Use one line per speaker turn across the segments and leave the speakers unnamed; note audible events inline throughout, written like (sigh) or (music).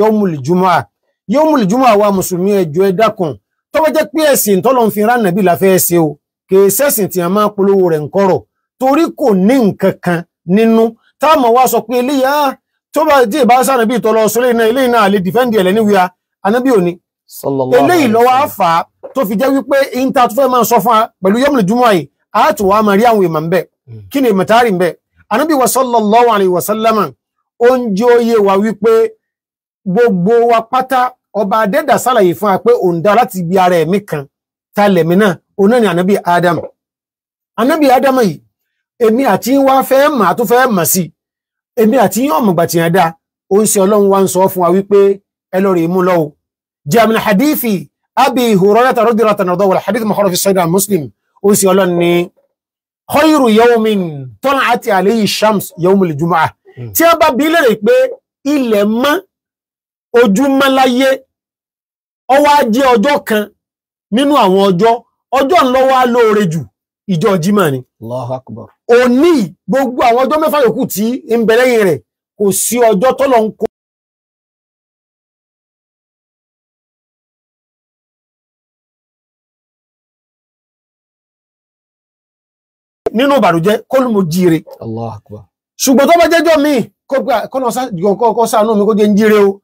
yọmùlì jùmọ̀ yọmùlì jùmọ̀ àwa mùsùlùmí ẹjọ́ ẹ dákun tó bá jẹ́ pé ẹ̀sìn tọ́lọ́ fi rán nàbí la fẹ́ ṣe o kìí ṣẹ̀sìn tí a máa polówó rẹ̀ ń kọ̀rọ̀ torí kò ní nǹkan kan nínú táàmù wa sọ pé eléyà ah, tó bá dé ìbá sànà bí ìtọ́lọ sọlé iná eléyìí náà lè dìfẹ́ǹdì ẹ̀lẹ́ níwìá anábì òní eléyìí lọ́wọ́ àfà tó fi jẹ́ wípé ìńtà tó fẹ́ máa sọ fún wa pẹ̀lú yọmùlì jùmọ̀ yìí a tù wá máa rí àwọn èèmọ̀ ń bẹ̀ kí ni ìmọ̀tárì ń bẹ̀ anábì wa sallallahu alaihi wa sallama ó ń jẹ́ òye wa wípé gbogbo wa pátá ọba adẹ́dà sàlàyé fún wa pé òun dá láti ibi ara ẹ̀mí kan ta lẹ̀mí náà òun náà ni ànábì Adam ànábì Adam yìí èmi àti yín wá fẹ́ mà á tún fẹ́ mà sí èmi àti yín ọ̀mùgbà tìyàn dá ó ń ṣe ọlọ́run wa ń sọ fún wa wípé ẹ lọ rèé mú lọ́wọ́ jẹ́mi hadithi abi hurairah radhiyallahu anhu wal hadith mọ̀kọ́rọ̀ fi sahih muslim ó ń ṣe ọlọ́run ni khayru yawmin tọ́lá àti alayhi shams yawmul jumu'ah hmm. tí a bá bí lérè pé ilẹ̀ mọ́ ojúmọ́ láyé ó wá jẹ́ ọjọ́ kan nínú àwọn ọjọ́ ọjọ́ ńlọ́wọ́ lóore jù ìjọ jimá ni.
Allahu Akbar.
òní gbogbo àwọn ọjọ́ mẹ́fà yòókù tí ń bẹ lẹ́yìn rẹ̀ kò sí ọjọ́ tọ́lọ̀ ń kó.
nínú ìbànújẹ́ kó ló mo jíire.
Allahu Akbar. ṣùgbọ́n tó bá jẹ́jọ́ mi kó sànú mi kó jẹ́ ń jíire o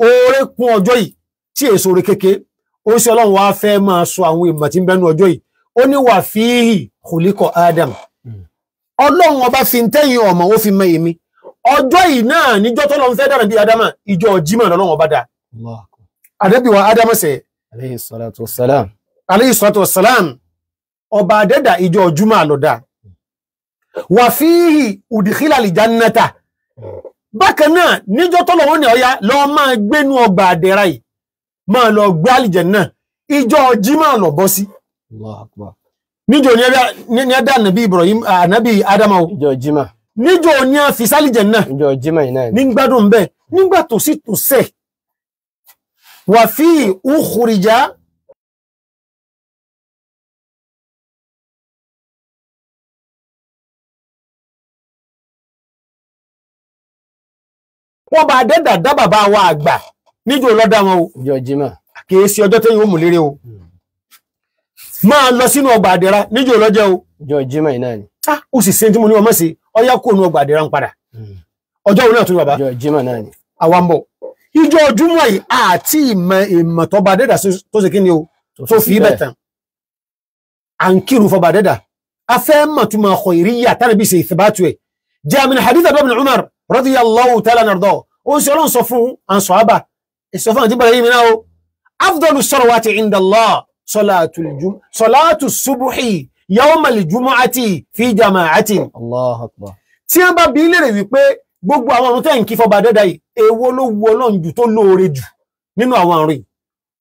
oore kún ọjọ́ yìí tí èso oore kéke ó sì ọlọ́run wá fẹ́ máa sọ àwọn ìmọ̀ tí ń bẹnu ọjọ́ yìí ó ní wà fíhì kòlíkọ̀ Adam hmm. ọlọ́run ọba fi ń tẹ́yìn ọmọ ó fi mọ èmi ọjọ́ yìí náà níjọ́ tó lọ́n fẹ́ dára bí Adama ìjọ Jímọ̀ lọ́lọ́run ọba dá àdẹ́bíwá Adama sẹ̀ alayhi salatu salam alayhi salatu salam ọba adẹ́dà ìjọ Jímọ̀ lọ́dá hmm. wà fíhì udkhila al jannata hmm bákan náà níjọ́ tọ́lọ̀ wọn ni ọ̀ya lọ máa gbénú ọgbà àdẹ̀ra yìí máa lọ gbé àlìjẹ̀nnà ìjọ jimá lọ bọ́ sí. níjọ ni ẹ̀dá ànábì Ibrahim ànábì Adama o. ìjọ jimá. níjọ ni a fi sálìjẹ̀nnà. ìjọ jimá yìí náà ni. nígbàdùn bẹ́ẹ̀ nígbà tó sì tó sẹ̀ ìhùrìjà
wọ́n bá dẹ́dà dá bàbá wa àgbà
níjó lọ́dá wọn o kìí sí ọjọ́ tẹ́yìn ó mú lérè o máa lọ sínú ọgbà àdẹ́ra níjó lọ́jọ́ o ah, ó sì ṣe tí mo ní ọmọ sí ọyá kò nu ọgbà àdẹ́ra ń padà hmm. ọjọ́ òun náà tún bàbá àwa ń bọ̀ ìjọ ojúmọ́ yìí àti ìmọ̀ ìmọ̀ tó bá dẹ́dà tó ṣe kí ni o tó fi bẹ̀ tán à ń kírun fọba dẹ́dà afẹ́ mọ̀túnmọ̀ ọkọ̀ ìríyà tánàbí ṣe ìfẹ́ bá tu ẹ̀ jẹ́ àmì hadith Ibn Umar radiyallahu ta'ala nàrọ̀dọ̀ ó ń sọ ọlọ́run sọ fún àǹsọ̀ àbà ìsọ fún àti bàrẹ̀ yìí mìíràn o afdalu salawati inda Allah salatu subuhi yawmal jumu'ati fi jama'ati. tí wọ́n bá bí lèrè wípé gbogbo àwọn ọ̀run tẹ́ ń kí fọba dẹ́dà yìí èwo ló wu ọlọ́run jù tó lóore jù nínú àwọn àrùn yìí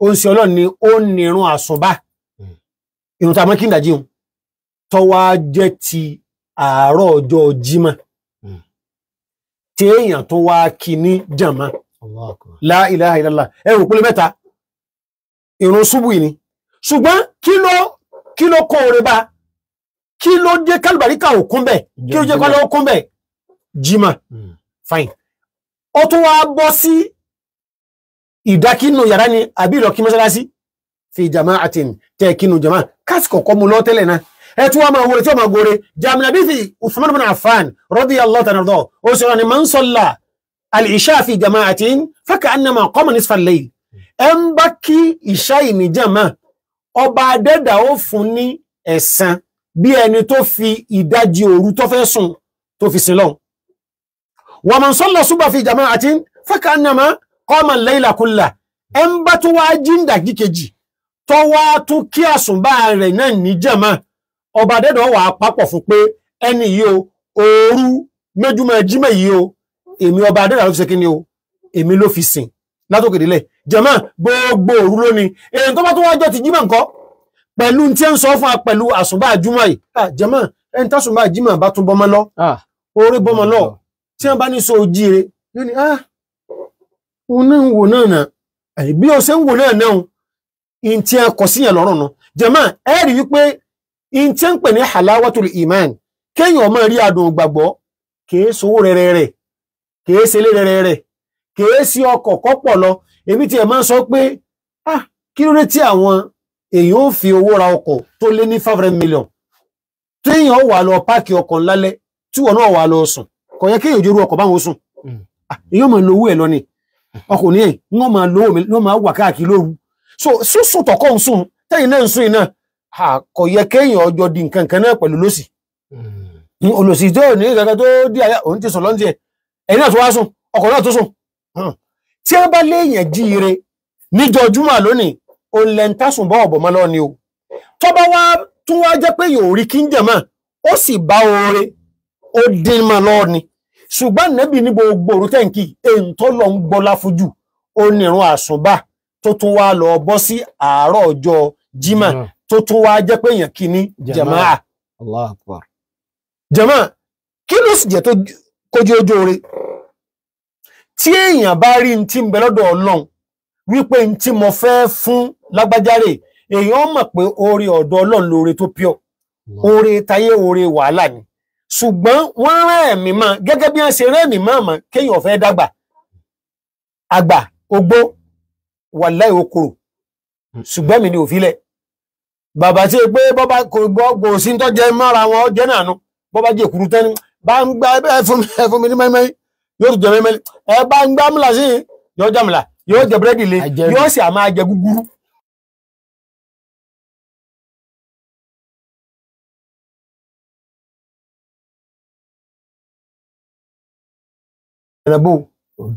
ó ń ṣe ọlọ́run ni ó ń nírun àsùnbà hmm. ìrùntàmọ́kìndàjì tó wá jẹ́ ti àárọ̀ ọjọ́ Jímọ̀ tí èèyàn tó wá kí ní jàmá la ilaha illallah ẹrù pélé mẹ́ta ìrun ṣubú ni ṣùgbọ́n kí ló kí ló kó oore bá kí ló dé kálùbáríkà òkun bẹ kí ló jẹ kálọ òkun bẹ jimá fine ó tún wá bọ́ sí ìdákínú yàrá ni àbí ìlọkí mọ́sálásí fi jàmá àti tẹ kínú jàmá kásìkò kọ́ mu lọ́tẹ́lẹ̀ náà ẹtùwà máa wọlé tí ó máa gore jamiu abithi Uthman ibn Affan radiyallahu ta'ala anhu ó sì rọ ni man salla al-isha fi jama'atin faka'annama qama nisfa al-layl ẹ ń bá kí ìṣá ìní jama ọba adẹ́dà ó fún ní ẹ̀san bí ẹni tó fi ìdajì òru tó fẹ́ sùn tó fi sin lọ́hùn wa man salla subha fi jama'atin faka'annama qama al-layla kullahu ẹ ń bá tó wá jíǹdà kíkejì tó tún kí àsùnbà rẹ̀ náà ní jama ọba dẹ́dọ̀ wà papọ̀ fún pé ẹni yìí o òru méjúmọ́ ẹjímọ̀ yìí o èmi ọba adẹ́dà ló fi ṣe kí ni o èmi ló fi sìn látòkè délẹ̀ jẹ̀mọ́ gbogbo òru lónìí èyí tó bá tó wájọ́ ti jímọ̀ nǹkan pẹ̀lú tí ń sọ fún wa pẹ̀lú àsùnbà àjúmọ̀ yìí ah, jẹ̀mọ́ ẹni tásùnbà àjímọ̀ bá tún bọ́mọ lọ ah. orí bọ́mọ lọ tí wọ́n bá ní so ojíire yóò ní ah òun náà ń wò náà nà bí o ṣe ń wò náà náà ìntì ẹkọ síyàn lọ́rùn náà jẹ̀mọ́ ẹ rí wípé in tí ń pè ní halawatul iman kéèyàn ọmọ rí adùn gbàgbọ́ kìí sowó rẹrẹrẹ kìí ṣe lé rẹrẹrẹ kìí sí ọkọ̀ kọ́pọ̀ lọ èmi tiẹ̀ máa ń sọ pé ah kí ló dé tí àwọn èèyàn ò fi owó ra ọkọ̀ tó lé ní five hundred million téèyàn wà lọ páàkì ọkọ̀ ńlálẹ́ tí wọn náà wà lọ sùn kò yẹ kéèyàn ojú ọkọ̀ báwọn sùn hmm. ah, èèyàn máa lówó ẹ̀ lọ ni hmm. ọkùnrin yẹn wọn máa lówó mi wọn máa wà káàkiri lóru so sísun tọkọ ń sùn tẹ̀yìn náà ń sùn iná kò yẹ kéèyàn ọjọ́ di nǹkan kan náà pẹ̀lú lọ́sì hmm. olùsì tó ní kankan tó di àyà òun ti sùn lọ́njẹ ẹ̀yin náà tó wá sùn ọkọ̀ náà tó sùn hmm. tí wọ́n bá léèyàn jíire níjọ júmọ̀ lónìí ọ̀bọ̀ o tó bá wá tún wá jẹ́ pé yóò rí kíńjẹ̀ mọ́ ó sì bá oore ó dín ṣùgbọ́n nẹ́bí ní gbogbo tẹ́ǹkì èyí tó lọ ń gbọ́ láfojú lọ bọ́ sí àárọ̀ ọjọ́ tó tún wá jẹ́ pé èèyàn kìíní jàmáà
Allahu Akbar
jàmáà kí ló sì jẹ́ tó kójú ojú oore tí èèyàn bá rí ní tí ń bẹ lọ́dọ̀ Ọlọ́run wípé ní tí mo fẹ́ fún lágbájáre èèyàn mọ̀ pé oore ọ̀dọ̀ Ọlọ́run lóore tó pure oore tayé oore wàhálà ni ṣùgbọ́n wọ́n rán ẹ̀mí mọ́ gẹ́gẹ́ bí wọ́n ṣe rán ẹ̀mí mọ́ mọ́ kéèyàn fẹ́ dàgbà àgbà ogbó wàláì okòrò hmm. ṣùgbọ́n mi ni òfilẹ̀ bàbá tí pé bọ́bá kò gbọ́ sí tó jẹ mọ́ra wọn jẹ́ nànú bọ́bá jẹ kúrú tẹ́ni bá ń gbá ẹfún mi ní mẹ́mẹ́ yóò jẹ mẹ́mẹ́ ẹ bá ń gbá múlà sí yóò jẹ múlà yóò jẹ búrẹ́dì lé yóò sì àmà jẹ gúgúrú.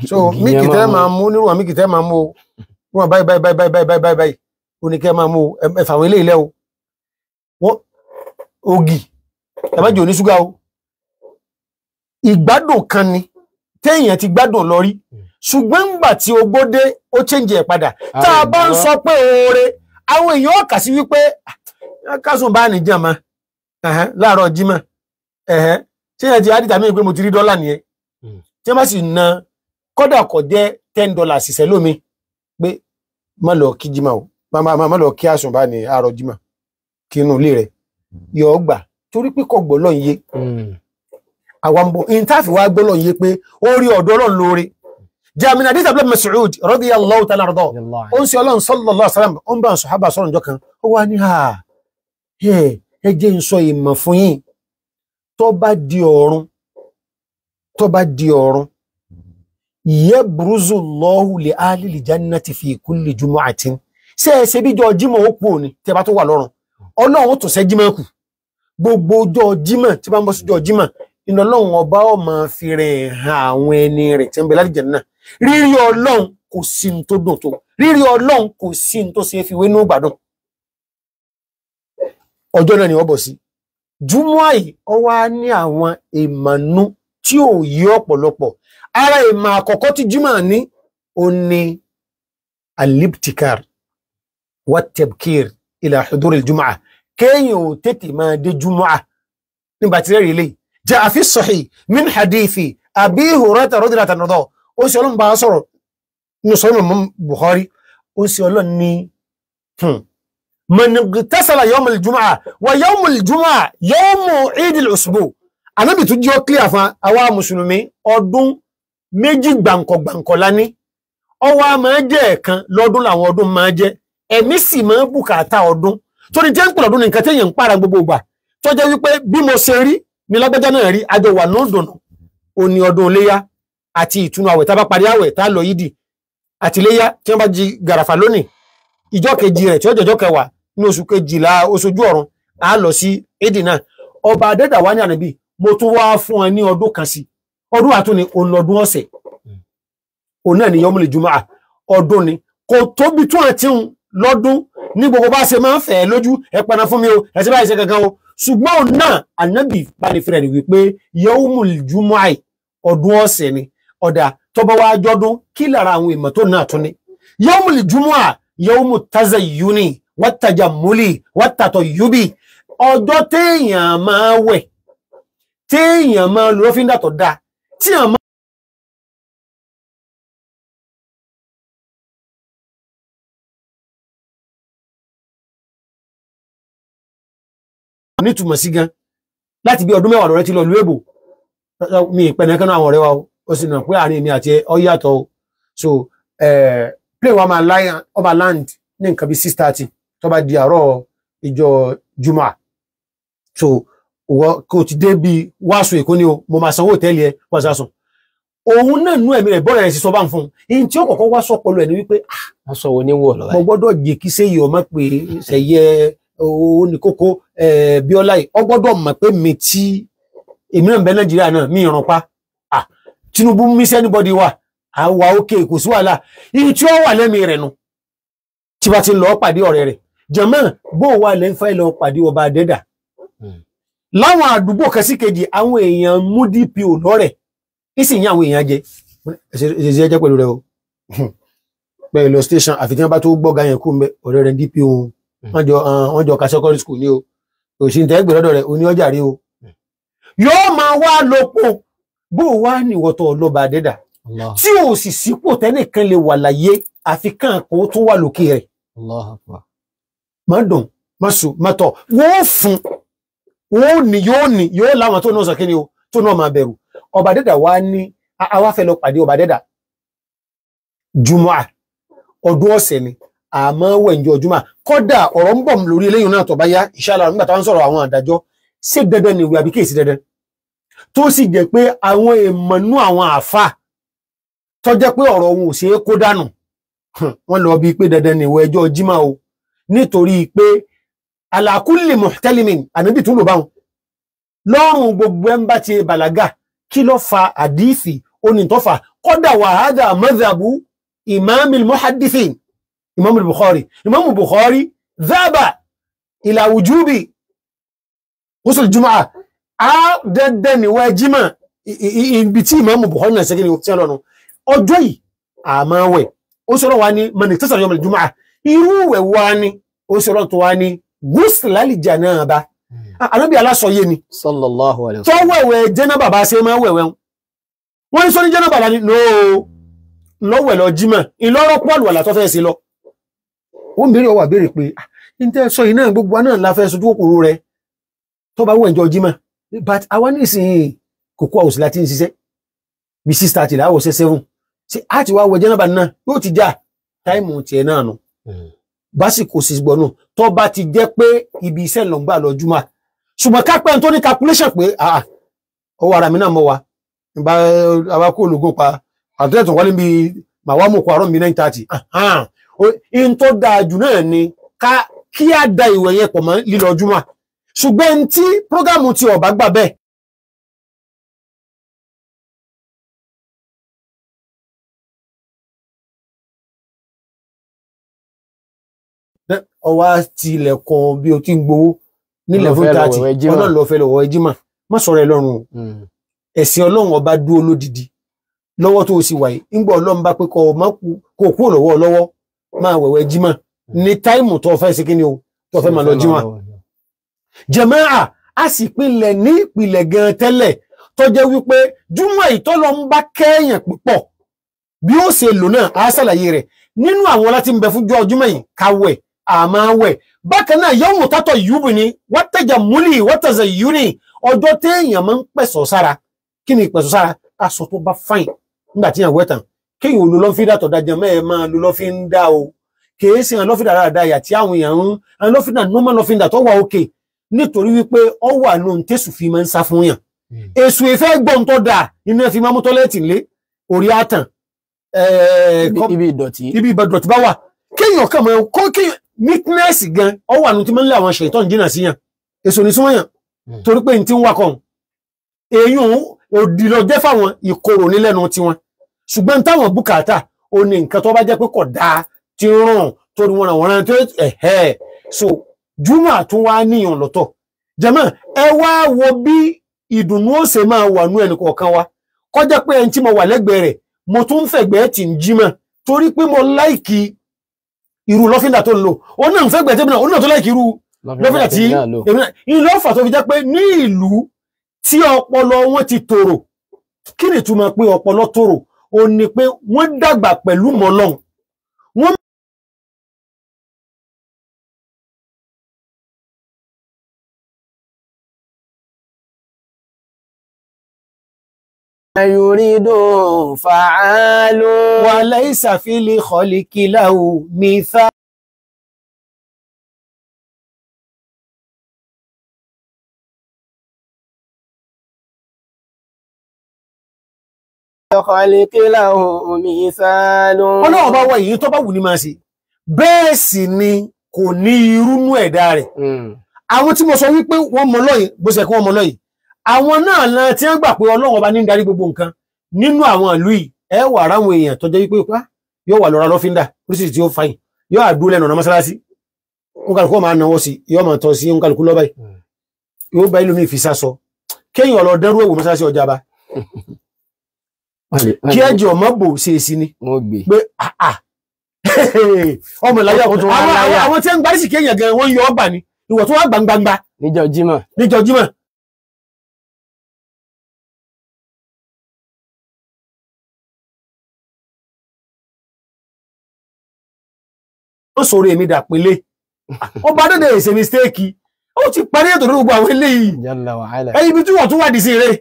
so mi kìtẹ́ máa mú nírú àwọn mi kìtẹ́ máa mú o níwọ̀n báyìí báyìí báyìí báyìí báyìí oníkẹ́ máa mú ẹ̀fà àwọn ilé ilẹ̀ o wọ́n ògì ẹ̀mẹ́jì ò ní ṣúgà o ìgbádùn kan ni téèyàn ti gbádùn lọ rí ṣùgbọ́n ńgbà tí ogbó dé ó chẹ́ǹjì ẹ̀ padà tá a bá ń sọ pé oore àwọn èèyàn kà sí wípé ah, kásùn bá nìjàn mọ́ láàárọ̀ jímọ̀ téèyàn ti adìta mí pé mo ti rí dọ́là nìyẹn hmm. tí wọ́n bá sì na kọ́dà kọ̀ jẹ́ ten dollars ìṣẹ́ lómi pé má lọ kí jímọ̀ o màmá màmá lọ kí àsùnbà ní àárọ̀ jimá kí inú ilé rẹ̀ yọ ọ gbà torí pé kò gbọ́ lọ́n yé hmm. àwa ń bọ̀ ìntàfi wa gbọ́ lọ́n yé pé ó rí ọ̀dọ́ lọ́n lóore jamiu adisa abdul masoud radiyallahu ta'ala rọdọ ó ń sọ ọlọ́run sallallahu alaihi wasallam ó ń bá ń sọ hábà sọ̀rọ̀ njọ́ kan ó wá ní ha ẹ jẹ́ ń sọ ìmọ̀ fún yín tó bá di ọ̀run tó bá di ọ̀run hmm. yabruzu li ahli al-jannati fi kulli jumu'atin se ẹ ṣe bíjọ jímọ̀ ó kú òní tí ẹ bá tó wà lọ́rùn ọlọ́run tó ṣe jímọ̀ kù gbogbo ọjọ́ jímọ̀ tí bá ń bọ́ sójọ́ jímọ̀ iná ọlọ́run ọba ó máa fi rẹ̀ hàn àwọn ẹni rẹ̀ tí ń bẹ lálejò náà rírí ọlọ́run kò sí ní tó dùn tó rírí ọlọ́run kò sí ní tó fi wé ní ìgbàdùn ọjọ́ náà ni wọ́n bọ̀ sí júmọ́ yìí ó wá ní àwọn ìmọ̀nú tí ò yí ọ̀pọ̀lọpọ̀ ara ìmọ̀ àkọ́kọ́ tí júmọ̀ ní ó ní aliptikar والتبكير إلى حضور الجمعة كي تتي ما دي جمعة نباتري لي جاء في الصحيح من حديث أبي هريرة رضي الله عنه أوسي الله باصر نصر من بخاري أوسي الله ني من اغتسل يوم الجمعة ويوم الجمعة يوم عيد الأسبوع أنا بتجي أكلي أفا أوا مسلمي أدون ميجي gbàǹkọ̀gbàǹkọ̀ la ní ọwọ́ a máa jẹ́ ẹ̀kan lọ́dún làwọn ọdún máa jẹ́ ẹ̀mí sì máa ń bùkátà ọdún torí jẹ́ ń pè lọ́dún nìkan téèyàn ń pààrà gbogbo ìgbà tó jẹ́ wípé bí mo ṣe rí ni lágbájá náà rí àjọ wà lóòdùn òní ọdún iléyá àti ìtúnu àwẹ̀ tá a bá parí àwẹ̀ tá a lọ yídì àti iléyá tí wọ́n bá jí gàràfà lónìí ìjọ kejì rẹ̀ tí ó jọjọ́ kẹwàá ní oṣù kejìlá oṣojú ọ̀run a lọ sí édì náà ọba adẹ́dà wá ní ànábì mo tún wá fún ẹ ní ọdún kan sí ọdún àtúni òun ọdún ọ̀sẹ̀ òun náà ni yọmúlẹ̀ jùmọ̀ ọdún ni kò tóbi tún àti lọ́dún ní gbogbo bá ṣe máa ń fẹ̀ lójú ẹ paná fún mi o ẹ ṣe báyìí ṣe kankan o ṣùgbọ́n òun náà ànábì balẹ̀fẹ́rẹ́ ni wípé yẹ́wùmùl jùmọ̀ì ọdún ọ̀sẹ̀ ni ọ̀dà tọ́ba wa jọ́dún kí lára àwọn ìmọ̀ tó náà tún ni yẹ́wùmùl jùmọ̀à yẹ́wùmù tazayyuni wàtàjàmúlì yubi ọjọ́ téèyàn máa wẹ̀ téèyàn máa lọ́fíńdà
tó dáa tí àwọn
nítumọ̀ sí gan láti bí ọdún mẹ́wàá lọ́rẹ́ ti lọ lu èbò mi ìpẹ̀nẹ́ kan náà àwọn ọ̀rẹ́ wa ó sì nà pé àárín mi àti ọ yàtọ̀ o so play wa máa land ní nǹkan bíi six thirty tó bá di àárọ̀ ìjọ juma so kò ti dé bíi wàásù èkó ni o mo máa sanwó òtẹ́ẹ̀lì ẹ wàásù sùn òun náà nú ẹ̀mí rẹ̀ bọ́ọ̀rọ̀ ẹ̀ sì sọ bá ń fún un ní tí ó kọ̀ọ̀kan wá sọ pẹ̀lú ẹ̀ ni wípé ah, mo gbọ́dọ̀ jẹ́ kí sẹ́yìn ọmọ pé sẹ́yẹ òun ní kókó eh, Bíọ́lá yìí ọgbọ́dọ̀ mọ̀ pé mi tí èmi náà ń bẹ Nàìjíríà náà mi ìran pa Tinubu mi sẹ́nibọ́dì wà àwa òkè kò sí wàhálà iye tí ó wà lẹ́mi rẹ̀ nu tí bá ti lọ pàdé ọ̀rẹ́ rẹ̀ jẹ̀mọ́ bó wà lẹ́fẹ́ lọ pàdé ọba àdẹ́dà hmm. láwọn àdúgbò kẹsíkejì àwọn èèyàn mú DPO lọ́rẹ̀ ìsìn yín àwọn èèyàn jẹ ẹ̀ṣẹ̀ jẹ́ pẹ̀lú rẹ o hmm. pẹ̀lú station àfi tí wọ́n bá tó gbọ́ga yẹn kú mbẹ́ ọ̀rẹ́ rẹ̀ DPO Hmm. wọ́n jọ ah, wọ́n jọ ka secondary school ni o òṣìntẹ́ gbèrè ọ̀dọ̀ rẹ̀ oní ọjà rí o hmm. yóò máa wá lópin bó wá níwọ̀tọ̀ ọlọ́ba àdẹ́dà tí o sì sípò tẹ́nìkan lè wà láyé àfi kàn kó tó wà lókè rẹ̀ má dùn má sùn má tọ̀ wọ́n fún wọ́n ní yóò ní yóò láwọn tó náà sọ̀kí ni o tó náà máa bẹ̀rù ọba àdẹ́dà wá ní àwa fẹ́ lọ pàdé ọba àdẹ́dà jùmọ̀ ọdún ọ̀sẹ̀ ni àmọ́ wẹ̀ǹjọ́ jùmọ̀ kọ́dà ọ̀rọ̀ ń bọ̀ lórí eléyìn náà tó bá yá inshallah nígbà táwọn sọ̀rọ̀ àwọn àdájọ́ ṣé dandan ni ìwé àbí kìí sí dandan tó sì jẹ́ pé àwọn èèmọ̀nú àwọn àfà tó jẹ́ pé ọ̀rọ̀ wọn ò ṣe é kó dànù wọ́n lọ bíi pé dandan ni ìwé ẹjọ́ jimá o nítorí pé ala kulli ànábì tún lò báwọn lọ́rùn gbogbo ẹ̀ ń bá ti bàlágà kí ló fa àdífì onítọ́fà kọ́dà wàhádà madhabu imamil muhaddithin Imam al-Bukhari Imam al-Bukhari dhaba ila wujubi ghusl jumaa a dede ni wa jima ibi tí Imam al-Bukhari na se kini ti lonu ọjọ́ yìí a ma we ó sọ̀rọ̀ wa ni man iktasara yawm al-jumaa irú we wa ni ó sọ̀rọ̀ tó wa ni ghusl al-janaba hmm. Ànábì alaso ye ni
sallallahu
alaihi wasallam tó wewe janaba ba se ma wewe wọ́n sọ ní janaba la ni no lọ́wẹ̀ lọ jímọ̀ ìlọ́rọ̀ pọ̀lù àlàtọ́fẹ́ sí lọ ó ń béèrè ọwà béèrè pé ah, n tẹ́ sọ iná gbogbo náà la fẹ́ sojú òkúrú rẹ tó bá wù ẹ̀jọ́ jimá but àwa nísìnyí Cocoa House láti ń ṣiṣẹ́ bí six thirty láwọ̀ ṣe seven ṣe á ti wá wọ jẹ́nàbà náà yóò ti já táìmù tiẹ̀ náà nù hmm. básìkò sì gbọ́ nù tó bá ti jẹ́ pé ibi iṣẹ́ ló ń gbà ṣùgbọ́n ká tó ní calculation pé ah, ah, ọwọ́ ara mi náà mọ̀ wá nígbà àwa kó ológun pa àtúntẹ̀ tó wọlé bíi màwa mọ̀ kó àárọ̀ mi nine thirty in tó dáa jù náà ni ká kí á da ìwẹ̀ yẹn pọ̀ mọ́ lílọ júmọ̀ ṣùgbọ́n tí prógámù ti ọ̀bá gbà bẹ́ẹ̀ ọwá ti ilẹ̀kọ̀ bí o ti ń gbowó nílẹ̀ fún tààtì ọlọ́run lọ́fẹ́ lọ́wọ́ ẹjímọ̀ má sọ̀rọ̀ ẹ lọ́rùn hmm. ẹ̀sìn ọlọ́run ọba dúró lódìdí lọ́wọ́ tó o sì wà yìí ńgbọ́ ọlọ́run bá pé kó kúrò lọ́wọ́ lọ́wọ́ máa wẹ̀wẹ̀ jímọ̀ ní táìmù tó fẹ́ sí kí ni o tó fẹ́ máa lọ jímọ̀ jàmáà a sì pinlẹ̀ ní ìpìlẹ̀ gan tẹ́lẹ̀ tó jẹ́ wípé júmọ̀ ìtọ́lọ ń bá kẹ́yàn púpọ̀ bí ó ṣe lò náà á ṣàlàyé rẹ̀ nínú àwọn láti ń bẹ fún jọ ọjúmọ̀ yìí kàwẹ̀ àmọ́ wẹ̀ bákan náà yóò mú tátọ̀ yúbù ni wọ́n tẹ̀jà múlì wọ́n tẹ̀sẹ̀ yú ni ọjọ́ téèyàn máa ń pẹ̀sọ̀ sára kí ni ìpẹ̀sọ̀ sára aṣọ tó bá fáìn nígbà tí yàn wẹ̀ tán kéyìn ò lo lọ́fíńdà tọ̀dá jẹmọ́ ẹ máa lo lọ́fíńdà o kìí sí àwọn lọ́fíńdà dáadáa yà tí àwọn èèyàn ń àwọn lọ́fíńdà nọ́mà lọ́fíńdà tó wà òkè nítorí wípé ọ wà nù tẹ̀sù fi máa ń sá fún yàn hmm. èsù ìfẹ́ gbọ́n tó dà nínú ẹ fi máa mú tọ́lẹ́ẹ̀tì lé orí àtàn ibi ìdọ̀tí ibi ìdọ̀tí bá wà kéèyàn kàn mọ́ kó kéèyàn neatness gan ọ wà nù tí máa ń lé àwọn ṣètò ìjìnà sí yàn èso ní súnmọ́ yàn hmm. torí pé n ti ṣùgbọ́n táwọn bùkátà ó ní nǹkan tó bá jẹ́ pé kò dáa ti ràn tó ní wọn ràn wọn ràn tó ẹ̀hẹ́ so júmọ̀ àtún wá níyàn lọ́tọ̀ jẹ́mọ́ ẹ wá wo bí ìdùnnú òsè máa wà nú ẹnì kọ̀ọ̀kan wa kọjá pé ẹni tí mo wà lẹ́gbẹ̀ẹ́ rẹ̀ mo tún ń fẹ̀gbẹ́ tì ń jí mọ́ torí pé mo láìkì irú lọ́fíńdà tó ń lò ó náà ń fẹ́gbẹ́ tẹ́mi náà ó náà tó láìkì irú lọ́fíńdà tí èmi náà ìlọ́fà tó fi jẹ́ pé ní ìlú tí ọpọlọ wọn ti tòrò kí ni ìtumọ̀ pé ọpọlọ tòrò ò ní pé wọ́n dàgbà pẹ̀lú mọ́lọ́hún
wọ́n. يريد فعال وليس في الخلق له مثال
ọlọ́run bá wá èyí tó bá wù ní máa ṣe bẹ́ẹ̀ sì ni kò ní irúnú ẹ̀dá rẹ̀ hmm. àwọn tí mo sọ wípé wọ́n mọ lọ́yìn bó ṣe kí wọ́n mọ lọ́yìn àwọn náà náà tí wọ́n gbà pé ọlọ́run ọba ní ń darí gbogbo nǹkan nínú àwọn ìlú yìí ẹ wà ráwọn èèyàn tó jẹ́ wípé pa yóò wà lọ́ra lọ́fíńdà oríṣiríṣi tí ó fàyìn yóò àdúró lẹ́nu ọ̀nà mọ́sálásí wọn kàlùkù máa náwó sí yóò máa tọ́ sí wọn kàlùkù lọ́bàá hmm. yóò bá ìlú mi fi sá sọ kéèyàn lọ dẹ́rú ẹ̀wò mọ́sálásí ọjà bá (laughs) kí ẹjọ ọmọ bò ṣe é sí ni pé ah, ah. (laughs) ọmọ ìlàyà ọtún wọn láyà àwọn tí ń gbá sí kéèyàn gan wọn yọ ọgbà ni ìwọ tó wà gbangbangba níjọ jímọ̀ níjọ jímọ̀. ó sọ̀rọ̀ èmi dàpínlẹ (laughs) ọba dédé ṣe mistake ó ti parí ètò ní gbogbo àwọn eléyìí ẹyin ibi tí wọn tún wà dì rẹ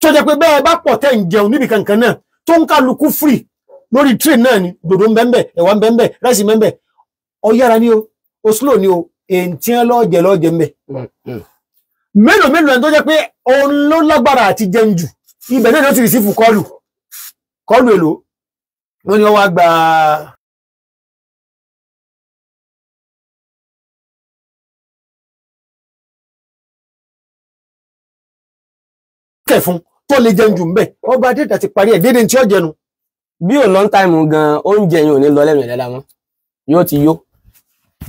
tó jẹ́ pé bẹ́ẹ̀ bá pọ̀ tẹ́ ń jẹun níbi kankan náà tó ń kálukú firi lórí train náà ni dòdò ń bẹ́ẹ̀ ẹ̀wà ń bẹ́ẹ̀ ráìsì ń bẹ́ẹ̀ ọ yára ni o o slow ni o èntì ẹ lọ́ọ̀jẹ̀ lọ́ọ̀jẹ̀ ń bẹ̀. mélòó mélòó ẹni tó jẹ́ pé òun ló lágbára àti jẹun jù ibẹ̀ náà ló ti rìsífù kọlù kọlù èlò wọn ni wọn wá gba kẹ̀ fún tó lè jẹun jù ń bẹ̀ ọba adéta ti parí ẹ̀ déédéé tí ó jẹnu. bí ò long time gan oúnjẹ yìí ò ní lọ lẹ́nu ìlẹ́la mọ́ yóò ti yó.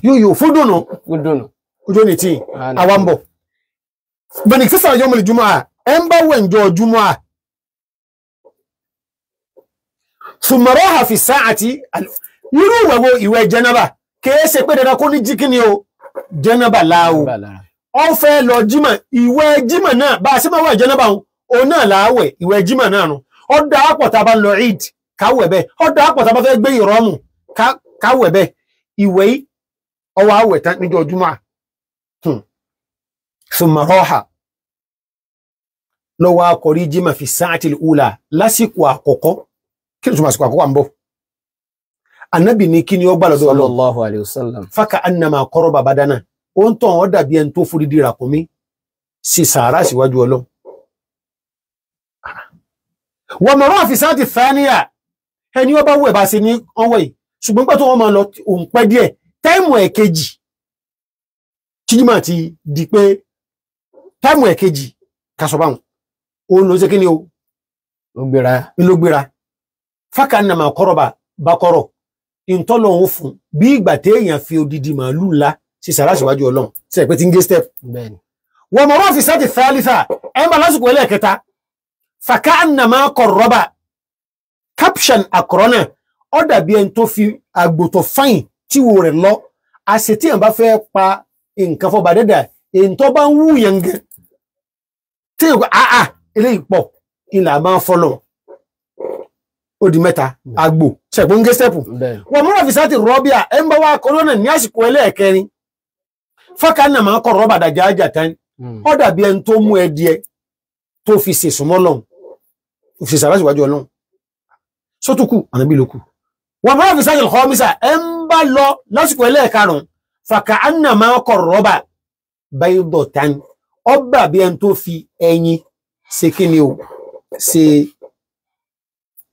yóò yóò fún dùnú. fún dùnú. ojú ni tíì àwa ń bọ̀. bẹ̀rẹ̀ sísan ọjọ́ mọ̀lẹ̀ jùmọ̀ à ẹ̀ ń bá wẹ̀ ǹjọ́ jùmọ̀ à. sùmọ̀rọ̀ àfi sáà àti irú ìwẹ̀wò ìwẹ̀ jẹ́nàbà kìí ṣe pé dandan kó ní jí kíni o jẹ́nàbà láàwò. ọ lọ jímọ̀ ìwẹ̀ jímọ̀ náà bá a ṣe máa wẹ̀ jẹ́nàbà òun òun náà láàwẹ̀ ìwẹ̀ jimá náà nù ó dá àpọ̀ tá a bá lọ eid káwẹ̀ bẹ́ẹ̀ ó dá àpọ̀ tá a bá fẹ́ gbé ìrọ́mù káwẹ̀ bẹ́ẹ̀ ìwẹ̀ yìí ọwọ́ àwẹ̀ tán níjọ́ jumá thumma hmm. raha lọ́wọ́ akọrí jimá fi sáàtì ula lásìkò àkọ́kọ́ kí ló tún àsìkò àkọ́kọ́ à ń bọ̀ anabi ní kí ni ó gbà lọ́dọ̀ ọlọ́run fáka annama qaraba wọ́n mọ̀ rán àfisàtì fẹ́ẹ́nìyà ẹni ọba wù ẹ̀ bá ṣe ní ọwọ́ yìí ṣùgbọ́n pẹ́ tó wọ́n máa lọ òun pẹ́ díẹ̀ táìmù ẹ̀kejì chijima ti di pé táìmù ẹ̀kejì kàṣọ́báwọn òun ló ṣe kí ni o ló gbéra fákànnà máa kọ́rọ̀ bá kọ́rọ̀ ìtọ́lọ̀ òun fún bí ìgbà téèyàn fi odidi màálù ńlá sí sàrà síwájú ọlọ́run sí ẹ̀pẹ́ ń gé step wọ́n mọ̀ rán àfisàtì fẹ́ẹ́lífà ẹ̀ ń fàkànnàmá kọ̀rọ̀bà caption àkọ́rọ́nà ó dàbí ẹni tó fi àgbòtò fáyìn tí wo rẹ̀ lọ àṣetí yàn pa nǹkan fọba dẹ́dà èyí tó bá ń wú yẹn gan tí yàn kó àà eléyìí pọ̀ ilà máa ń fọlọ̀ ó di mẹ́ta hmm. àgbò ṣẹ̀gbọ́ngé sẹ́pù wọ́n múra fi sáti rọ́bíà ẹ̀ ń bá wa kọ́lọ́nà ní àsìkò ẹlẹ́ẹ̀kẹrin fọ́kànnàmá kọ̀rọ̀bà dàjà àjà tán hmm. ó dàbí ẹni tó mú tó fi sèsùmọ́ lọ́hùn fi sàrà síwájú ọlọ́run sótùkù ànábì ló kù wọn bá fi sáyẹn kọ́ mísà ẹ ń bá lọ lásìkò ẹlẹ́ẹ̀karùn-ún fàkà ánà máa kọ̀ rọ́bà báyìí dọ̀tán ọba bí ẹni tó fi ẹyin ṣe kí ni o ṣe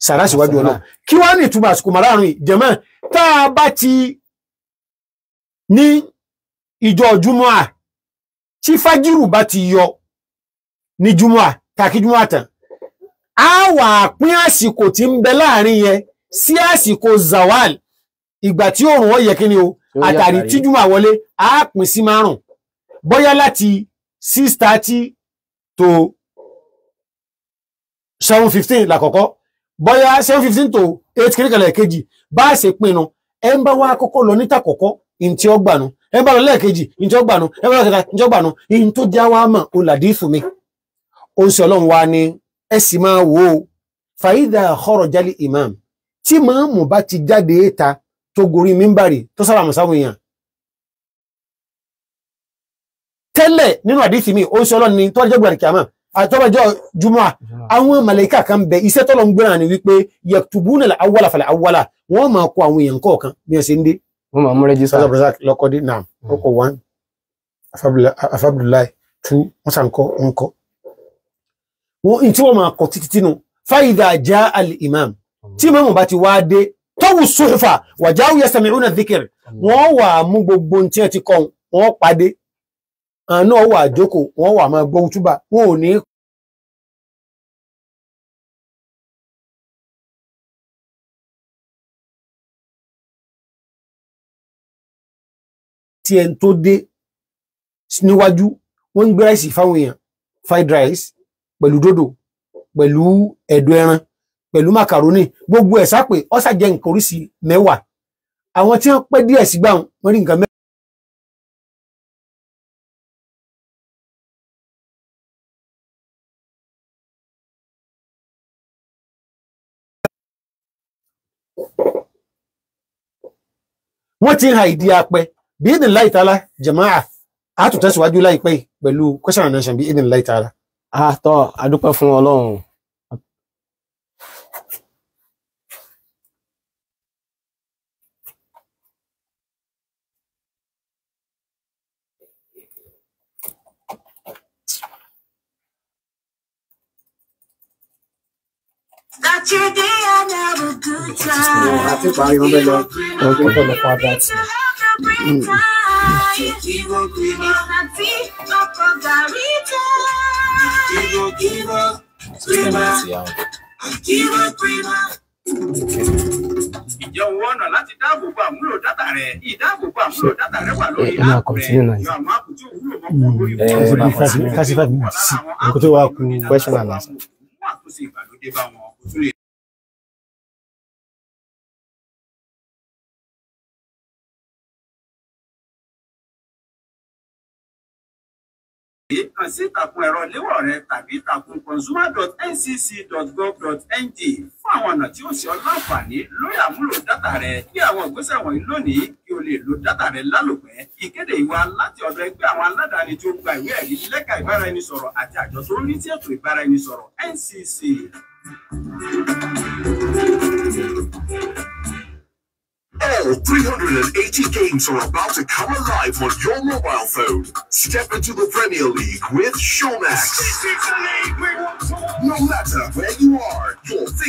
sàrà síwájú ọlọ́run kí wọ́n á ní ìtumọ̀ àsìkò márààrún jẹ̀mọ́ tá a bá ti ní ìjọ júmọ́ à tí fájírù bá ti yọ ní júmọ́ à tàkí júmọ́ àtàn a wà pín àsìkò tí ń bẹ láàrin yẹn sí àsìkò zawal ìgbà tí oòrùn ó yẹ kí ni o àtàrí tíjúmọ̀ wọlé a pín sí márùn bóyá láti six thirty to seven fifteen lákọ̀ọ́kọ́ bóyá seven fifteen to eight kìrìkàlẹ̀ kejì bá a ṣe pinnu ẹ ń bá wa kọ́kọ́ lọ níta kọ̀ọ̀kọ́ ntí ó gbànú ẹ bá lọ lẹ́ẹ̀kejì ntí ó gbànú ẹ bá lọ kẹta ntí ó gbànú ntí já wa mọ̀ ọ̀làdí fún mi ó ń ṣe ọlọ́run wa ní ẹ sì máa wò ó fàyídà àkọrọjálì imam tí màámù bá ti jáde ta tó gorí mímbàrì tó sálàmù sáwọn èèyàn tẹ́lẹ̀ nínú àdífì mi ó ń sọ́lọ́ ni tó jẹ́ gbẹ̀rẹ̀ kìámà àtọ́bàjọ́ jùmọ́ àwọn màlàíkà kan bẹ iṣẹ́ tọ́lọ ń gbéra ni wípé yaktubuna awwala fàlẹ̀ awwala wọ́n máa kọ àwọn èèyàn kọ̀ọ̀kan bí ẹ ṣe ń dé. wọ́n máa mú rẹ́jísà lọ́kọ́ dé náà ọkọ̀ one afabdulayi two wọ́n sàn kọ́ ń kọ́ wọ́n tí wọ́n máa kọ̀ títí tínú fáìdà já al-imam tí imam bá ti wá dé tọ́wù sófà wàjá òye sami'una dhikr wọ́n wà mú gbogbo tí ẹ ti kọ́ wọ́n pàdé àná wà jókòó wọ́n wà máa gbọ́ túbà wọn ò ní
tí tó dé
níwájú wọ́n ń gbé ráìsì fáwọn èèyàn fried rice pẹ̀lú dòdò pẹ̀lú ẹ̀dọ̀ ẹran pẹ̀lú màkàrónì gbogbo ẹ̀ sápè ọ̀sà jẹ́ nǹkan oríṣi mẹ́wàá àwọn tí wọ́n pẹ́ díẹ̀ sígbà wọn rí nǹkan mẹ́wàá. wọ́n ti ń ha ìdí apẹ bí ìdìnláìtàlá jẹ̀máà àtúntẹ̀síwájú láìpẹ́ pẹ̀lú kwẹ́sàn àdánsàn bí ìdìnláìtàlá. Ah tọ́ a dúpẹ́ fún Okay, every time.
Kiro kiro. Ìrántí ọkọ̀ gàrí jẹ́.
Kiro kiro. Kiro kiro. Ìjọ owó ọ̀nà láti dáàbò bo àmúlò dátà rẹ̀. Ìdáàbòbò àmúlò dátà rẹ̀ wà lórí áàpù rẹ̀. Yọ àwọn áàpù tí
òwúlò mọ́kàn lórí fóònù rẹ̀. Thirty five minutes. Nǹkan tó wà kú question and answer.
Wọ́n àtúnṣe ìgbàlódé bá wọn.
èyí kàn sí ìtàkùn ẹ̀rọ léwọ̀ rẹ tàbí ìtàkùn consumer.ncc.gov.ng fún àwọn ọ̀nà tí ó ṣe ọ́ láǹfààní lórí àmúlò dátà rẹ bí àwọn ìgbésẹ̀ wọ̀nyí lónìí kí o lè lo dátà rẹ lálòpẹ́ ìkéde ìwà láti ọ̀dọ̀ ẹgbẹ́ àwọn aládàáni tí ó gba ìwé ẹ̀rí lẹ́ka ìbáraẹnisọ̀rọ̀ àti àjọ tó ń sí ètò ìbáraẹnisọ̀rọ̀ NCC. All 380 games are about to come alive on your mobile phone. Step into the Premier League with Showmax. No matter where you are,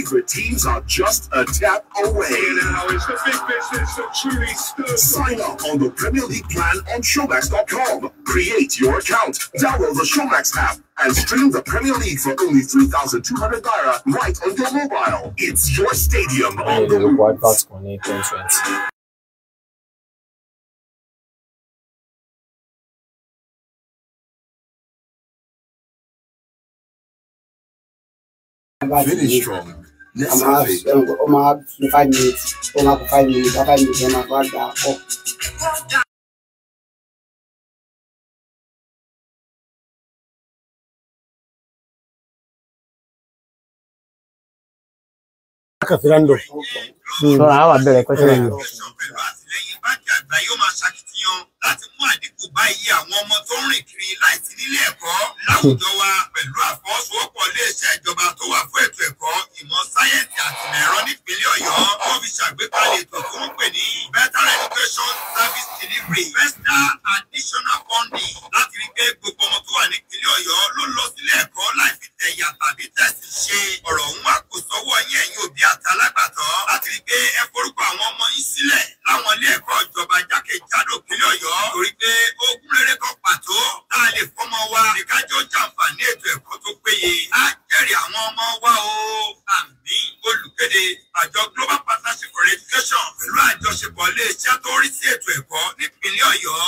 favorite teams are just a tap away. now is the big business of truly stood. Sign up on the Premier League plan on Showmax.com. Create your account. Download the Showmax app and stream the Premier League for only 3,200 naira right on your mobile. It's your stadium on the move.
Finish strong. ọ máa fi five minutes ó máa kó five minutes bá five minutes yẹn máa bá gbà kọ.
Kàfíràn lọ. Sọ̀rọ̀ àwọn abẹ́rẹ́ kọ́sẹ̀ yìí àtìlẹ́yìn báńkì àgbáyé ó máa ṣàkitiyan láti mú àdínkù bá iye àwọn ọmọ tó ń rìn kiri láìsí nílé ẹ̀kọ́ láwùjọ wa pẹ̀lú àfọwọ́sowọ́pọ̀ iléeṣẹ́ ìjọba tó wà fún ètò ẹ̀kọ́ ìmọ̀ sáyẹ́ǹsì àtìmọ̀ ẹ̀rọ nípínlẹ̀ Ọ̀yọ́ tó fi ṣàgbékalẹ̀ ètò tó ń pè ní Better Education Service Delivery Besta Additional Funding láti rí pé gbogbo ọmọ tó wà nípínlẹ̀ Ọ̀yọ́ ló lọ sílé ẹ̀kọ́ láì fi tẹ̀yà tàbí ilé ẹ̀kọ́ ìjọba jákèjádò ìpínlẹ̀ Ọ̀yọ́ torí pé ogún rere kan pàtó tá a lè fọmọ wa ìkájọ́ jàǹfààní ètò ẹ̀kọ́ tó péye á jẹ́rìí àwọn ọmọ wa o àmì olùkéde àjọ Global Partnership for Education pẹ̀lú àjọṣepọ̀ iléeṣẹ́ tó rí sí ètò ẹ̀kọ́ nípínlẹ̀ Ọ̀yọ́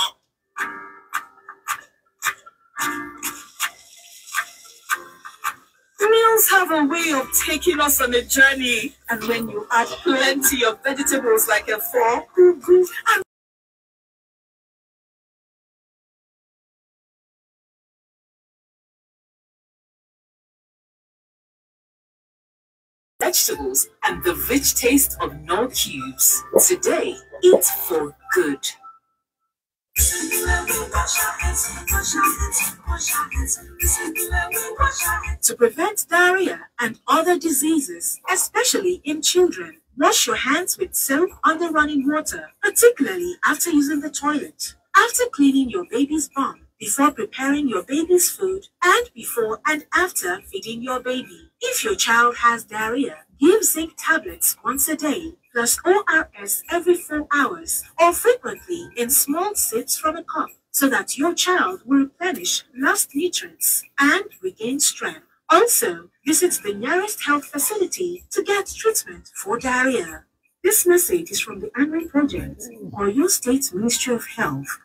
have a way of taking us on a journey. And when you add plenty of vegetables like a four, and vegetables and the rich taste of no cubes.
Today, it's for good.
To prevent diarrhea and other diseases, especially in children, wash your hands with soap under running water, particularly after using the toilet. After cleaning your baby's bum, before preparing your baby's food, and before and after feeding your baby. If your child has diarrhea, give zinc tablets once a day plus ORS every four hours or frequently in small sips from a cup so that your child will replenish lost nutrients and regain strength. Also, visit the nearest health facility to get treatment for diarrhea. This message is from the Angry Project,
or your state Ministry of Health.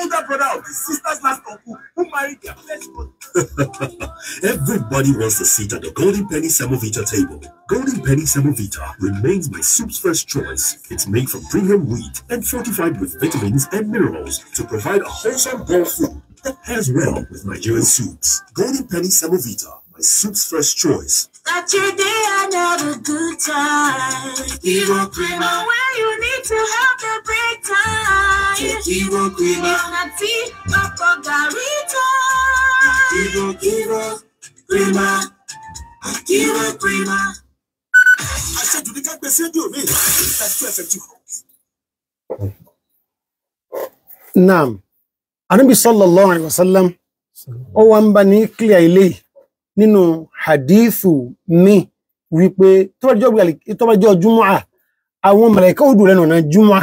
older brother of the sister's last uncle
who married their first (laughs) Everybody wants to sit at the Golden Penny Samovita table. Golden Penny Samovita remains my soup's first choice. It's made from premium wheat and fortified with vitamins and minerals to provide a wholesome bowl food that pairs well with Nigerian soups. Golden Penny Samovita my soup's first choice. That your day another good time. Tequila Crema. Where you need to have the break time. Tequila Crema. Nati,
Papa Garita.
Tequila Crema. Crema. Tequila Crema. Aṣáájú ní ká gbèsè bí òní ìtàjú ẹ̀fẹ̀ jù. Naam, Ànábì sallallahu alaihi wasallam, ó wá ń bá ní kílíà ilé yìí nínú hadithu mi wípé tó bá jẹ́ jùmọ́à àwọn màláíkà ó dúró lẹ́nu ọ̀nà jùmọ́à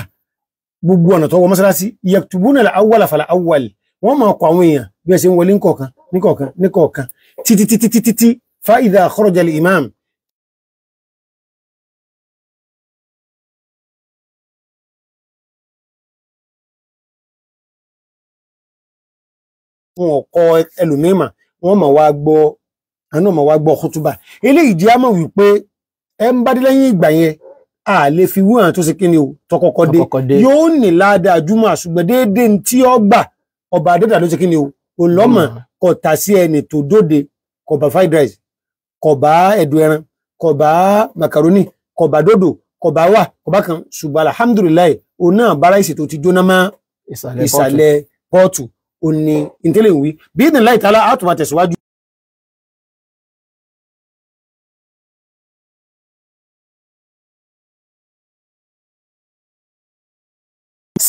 gbogbo ọ̀nà tó wọ mọ́sálásí yaktubuna al-awwala fal-awwal wọ́n máa kọ àwọn èèyàn bí ẹ ṣe ń wọlé nìkọ̀ọ̀kan nìkọ̀ọ̀kan nìkọ̀ọ̀kan títí títí títí tí fa idha kharaja al-imam wọn kọ ẹlòmíràn wọn máa wá gbọ́ àánú ma wa gbọ́ kútúbà eléyìí jẹ́ àmọ̀ wípé ẹ ń bá dé lẹ́yìn ìgbà yẹn a lè fi wú àwọn tó ṣe kíni o tọkọkọ dé yóò ní ládàá júmọ̀ àṣùgbọ́n déédéé ní tí ó gbà ọba adédà ló ṣe kíni o kò lọ́mọ kò tà sí ẹni tó dóde kò bá fried rice kò bá ẹ̀dùn ẹran kò bá macaroni kò bá dòdò kò bá wà kò bá kan ṣùgbọ́n alhamdulilayi òun náà bá ráìsì tó ti jóná mọ́ ìsàlẹ̀ pọ́ọ̀tù òun ni ìtẹ́lẹ̀ ìwí bí ìdìnnìláì tààlà àtùmọ̀ tẹ̀síwájú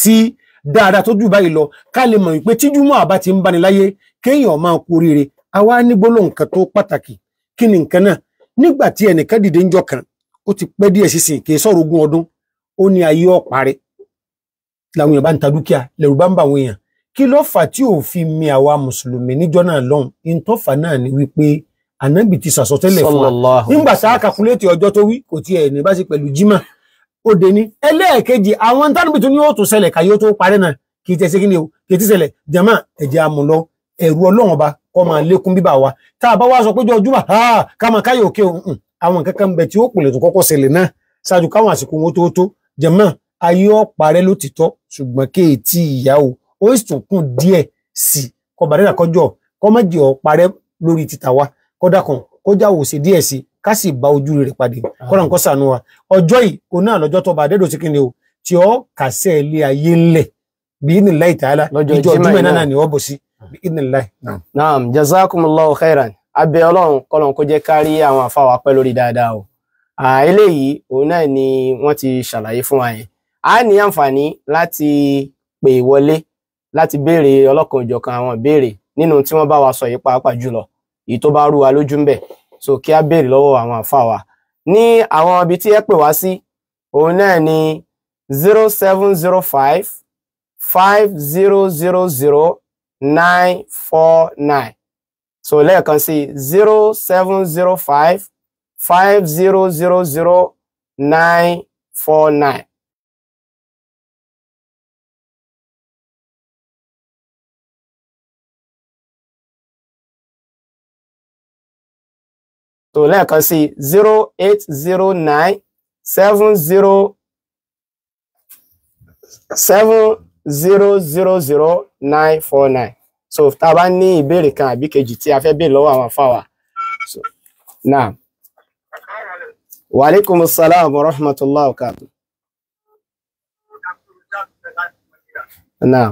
sí dáadáa tó jù báyìí lọ ká lè mọ̀ wípé tíjúmọ́ àbá ti ń báni láyé kéèyàn máa kú oríire àwa ní gbólóhùn kan tó pàtàkì kí ni nǹkan náà nígbà tí ẹnìkan dìde ń jọ kan ó ti pẹ́ díẹ̀ sísìn kì í sọ̀rọ̀ ogún ọdún ó ní ayé ọ̀parẹ́ làwọn èèyàn bá ń ta dúkìá lẹ́rù bá ń bà àwọn èèyàn kí ló fà tí ò fi mi àwa mùsùlùmí níjọ́ náà lọ́hùn ìtọ́fà náà ni wípé ànábì ti sàsọtẹ́lẹ̀ fún wa nígbà tá a kàkúléètì ọjọ́ tó wí kò tiẹ̀ ní bá sí pẹ̀lú jimá òde ní ẹlẹ́ẹ̀kejì àwọn tánàbí tó ní ó tún ṣẹlẹ̀ káyó tó parẹ́ náà kì í tẹ̀sí kí ni o kì í ti ṣẹlẹ̀ jẹ̀mọ́ ẹ̀jẹ̀ amúlọ ẹ̀rù ọlọ́run ọba kọ́ máa lékún bíbà wa tá a bá wá sọ pé jọ ojúbà ká máa káyọ̀ òkè òun àwọn nǹkan kan bẹ̀ tí ó pèlè tó kọ́kọ́ ṣẹlẹ̀ náà ṣáájú káwọn àsìkò wọn tó tó jẹ̀mọ́ ayé ọ̀parẹ́ ló ti tọ́ ṣùgbọ́n kéètì ìyá ó sì kún díẹ̀ sí kọbàdẹ́nà kọjọ kọ́mọ́jì ọ̀parẹ́ lórí títà wa kọ́dà kan kọjá òsè díẹ̀ sí ká sì bá ojú rere pàdé kọ́nà nǹkan sànú wa ọjọ́ yìí òun náà lọ́jọ́ tó bá adédò sí kíni o tí ó kàṣẹ́ ilé ayé ńlẹ̀ bí ní láì tààlà ìjọ ìjúmọ̀ náà ni wọ́n bọ̀ sí bí ní láì.
naam jazakumullahu khairan abẹ Ọlọ́run kọlọn kó jẹ kárí àwọn àfáwà pẹ lórí dáadáa o eléyìí òun náà ni wọ́n ti ṣàlàyé fún wa yẹn a ní àǹfààní láti pè wọlé láti béèrè ọlọkan òjọkan àwọn ìbéèrè nínú tí wọ́n bá wa sọ yìí pàápàá jùlọ èyí so kí a béèrè lọ́wọ́ àwọn àfáà wa ní àwọn ibi tí ẹ pè wá sí òun náà ni zero seven zero five five zero zero zero nine four nine so lẹ́ẹ̀kan sí zero seven zero five five zero zero zero nine four nine.
so lẹ́ẹ̀kan sí zero
eight zero nine seven zero seven zero zero zero nine four nine so tá a bá ní ìbéèrè kan àbí kejì tí a fẹ́ béèrè lọ́wọ́ àwọn afáwà so now wàhálẹ́kùn salaam wa rahmatulah wa kàtó. now.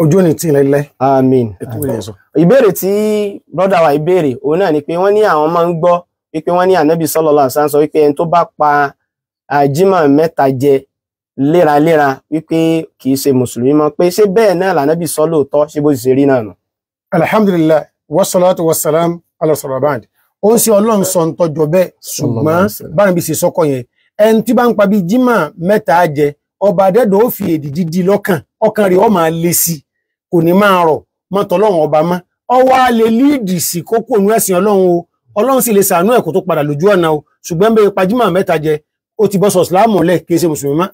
ojú ò ní tí lẹ́lẹ́. àmín ìbéèrè tí brọ́dà wa ìbéèrè òun náà ni pé wọ́n ní àwọn máa ń gbọ́ wípé wọ́n ní ànábì sallallahu alaihi wasallam sọ wípé ẹni tó bá pa àjímọ̀ mẹ́ta jẹ léraléra wípé kì í ṣe mùsùlùmí mọ́ pé ṣé bẹ́ẹ̀ náà lànábì sọ
lóòótọ́ ṣé bó ṣe rí náà nù. alhamdulillah wasalaatu wasalaam ala sọ̀rọ̀bànd ó ń ṣe ọlọ́run sọ ń tọjọ bẹ́ẹ̀ ṣùgbọ́n báyìí bí ṣe sọ́kọ yẹn ẹni tí bá ń pa bíi jimá mẹ́ta jẹ ọba dẹ́dọ̀ ó fi èdì dídí lọ́kàn ọkàn rẹ̀ ó máa le sí kò ní máa rọ̀ mọ́tọ́ ọba mọ́ ọ a lè líìdì sí kókó òun ẹ̀sìn ọlọ́run o ọlọ́run sì lè sàánú ẹ̀kọ́ tó padà lójú ọ̀nà o ṣùgbọ́n bẹ́ẹ̀ pajúmọ̀ mẹ́ta jẹ ti bọ́ ṣe mùsùlùmí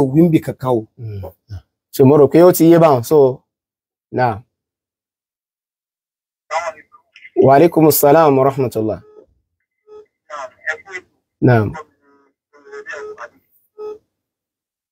o. Hmm. ó ti
so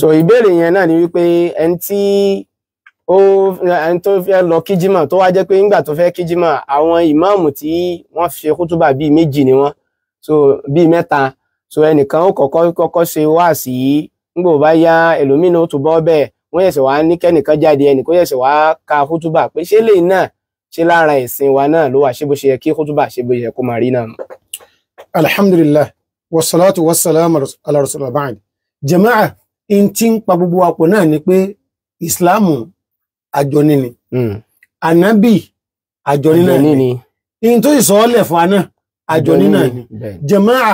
so ìbéèrè yẹn náà ni wípé ẹni tí ó ẹni tó fẹ́ lọ kíjímà tó wá jẹ́ pé nígbà tó fẹ́ kíjímà àwọn ìmáàmù tí wọ́n ṣe kútúbà bíi méjì ni wọ́n so bíi mẹ́ta so ẹnìkan ó kọ́kọ́ kọ́kọ́ ṣe wáàsí nígbà bá yá ẹlòmínú ó tún bọ́ bẹ́ẹ̀ wọ́n yẹ̀sẹ̀ wá ní kẹ́nìkan jáde ẹnìkan yẹ̀sẹ̀ wá ka kútúbà pé ṣé lè náà ṣe lára ẹ̀sìn wa náà ló wà ṣé bó ṣe yẹ kí kútúbà ṣe bó yẹ kó máa rí náà.
alhamdulillah wasalaatu wasalaam ala jama'a in ti ń pa gbogbo àpò náà ni pé ìsìláàmù àjọni ni hmm. ànábì àjọni náà ni in tó sì sọ́ọ́lẹ̀ fún aná àjọni náà ni jẹ̀máà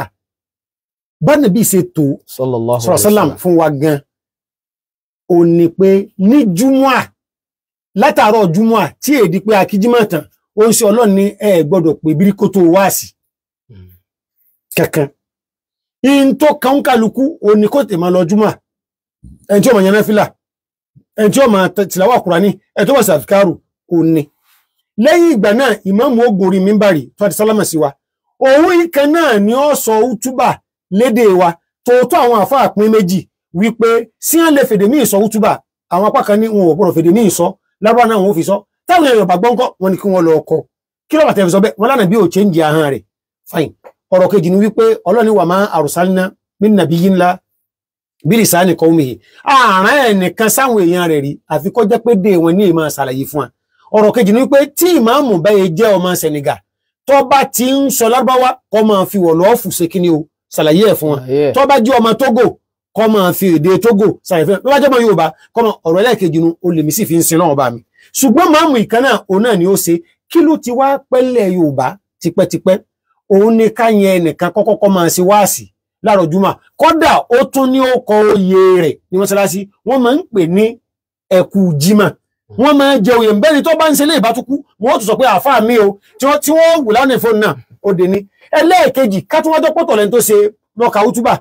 bánàbí ṣe tó sọ̀rọ̀sọ́làm fún wa gan ó ní pé ní júmọ́à látàárọ̀ júmọ́à tí èdè pé akíjímọ̀ tán ó ń ṣe ọlọ́run ní ẹ gbọ́dọ̀ pé bíríkótó wáàsì hmm. kankan in tó kàn kálukú ó ní kó tèmọ́ lọ júmọ́à ẹni tí ó mọ̀ yẹn náà fìlà ẹni ma ó máa tìláwà Kùránì ẹni tó bá sàfikáàrù kò ní lẹ́yìn ìgbà náà ìmáàmù ògòrì mímbàrì tó sálámà sí wa òun ìkan náà ni ó sọ útúbà lédè wa tòótọ́ àwọn àfáà pín méjì wípé sí à ń lè fèdè ní ìsọ útúbà àwọn apá kan ní wọn ò gbọdọ̀ fèdè ní ìsọ lábúrò náà wọn ò fi sọ táwọn èèyàn bá gbọ́ńkọ́ wọn ni kí wọ́n lọ ọkọ kí lọ́bàtà fi bẹ́ẹ̀ wọn lánàá bí ò ṣe ahọ́n rẹ̀ fine ọ̀rọ̀ kejì ni wípé ọlọ́ni wà máa àrùsálínà mí nàbí yín la bílísà ní kọ́wọ́mìhì ààrán ẹnìkan sáwọn èèyàn rẹ̀ rí àfi kọ́ jẹ́ pé dé wọn ní ìmọ̀ ṣàlàyé fún wa ọ̀rọ̀ kejì ni wípé tí ìmáàmù bẹ́ẹ̀ jẹ́ ọmọ Senegal tó bá ti ń sọ lárúbáwá kó máa fi wọ̀ lọ́ọ̀fù ṣe kí ni o ṣàlàyé ẹ̀ fún wa tó bá ọmọ Togo kó máa fi èdè Togo ṣàlàyé fún wa tó bá jẹ́ ọmọ Yorùbá kó máa ọ̀rọ̀ ẹlẹ́ẹ̀kejì nu o mi sì fi ń sin náà bá mi ṣùgbọ́n máàmù ìkan òun náà ni ó ṣe kí ló ti wá pẹ́lẹ̀ Yorùbá tipẹ́tipẹ́ òun ni ká yẹn ẹnìkan kọ́kọ́ kọ́ máa ṣe wáàsì láàárọ̀ jùmọ̀ kódà ó tún ní ó kọ oyè rẹ̀ ní mọ́ṣáláṣí wọ́n máa ń pè ní ẹ̀kú jimá wọ́n máa ń jẹ oyè tó bá ń ṣe léèbá tó kú tún sọ pé àáfàá mi o tí wọ́n wù lánàá fóònù náà ó dé ní ẹlẹ́ẹ̀kejì kátúwájọ́ pọ̀tọ̀ lẹ́ni tó ṣe lọ́ka útúbà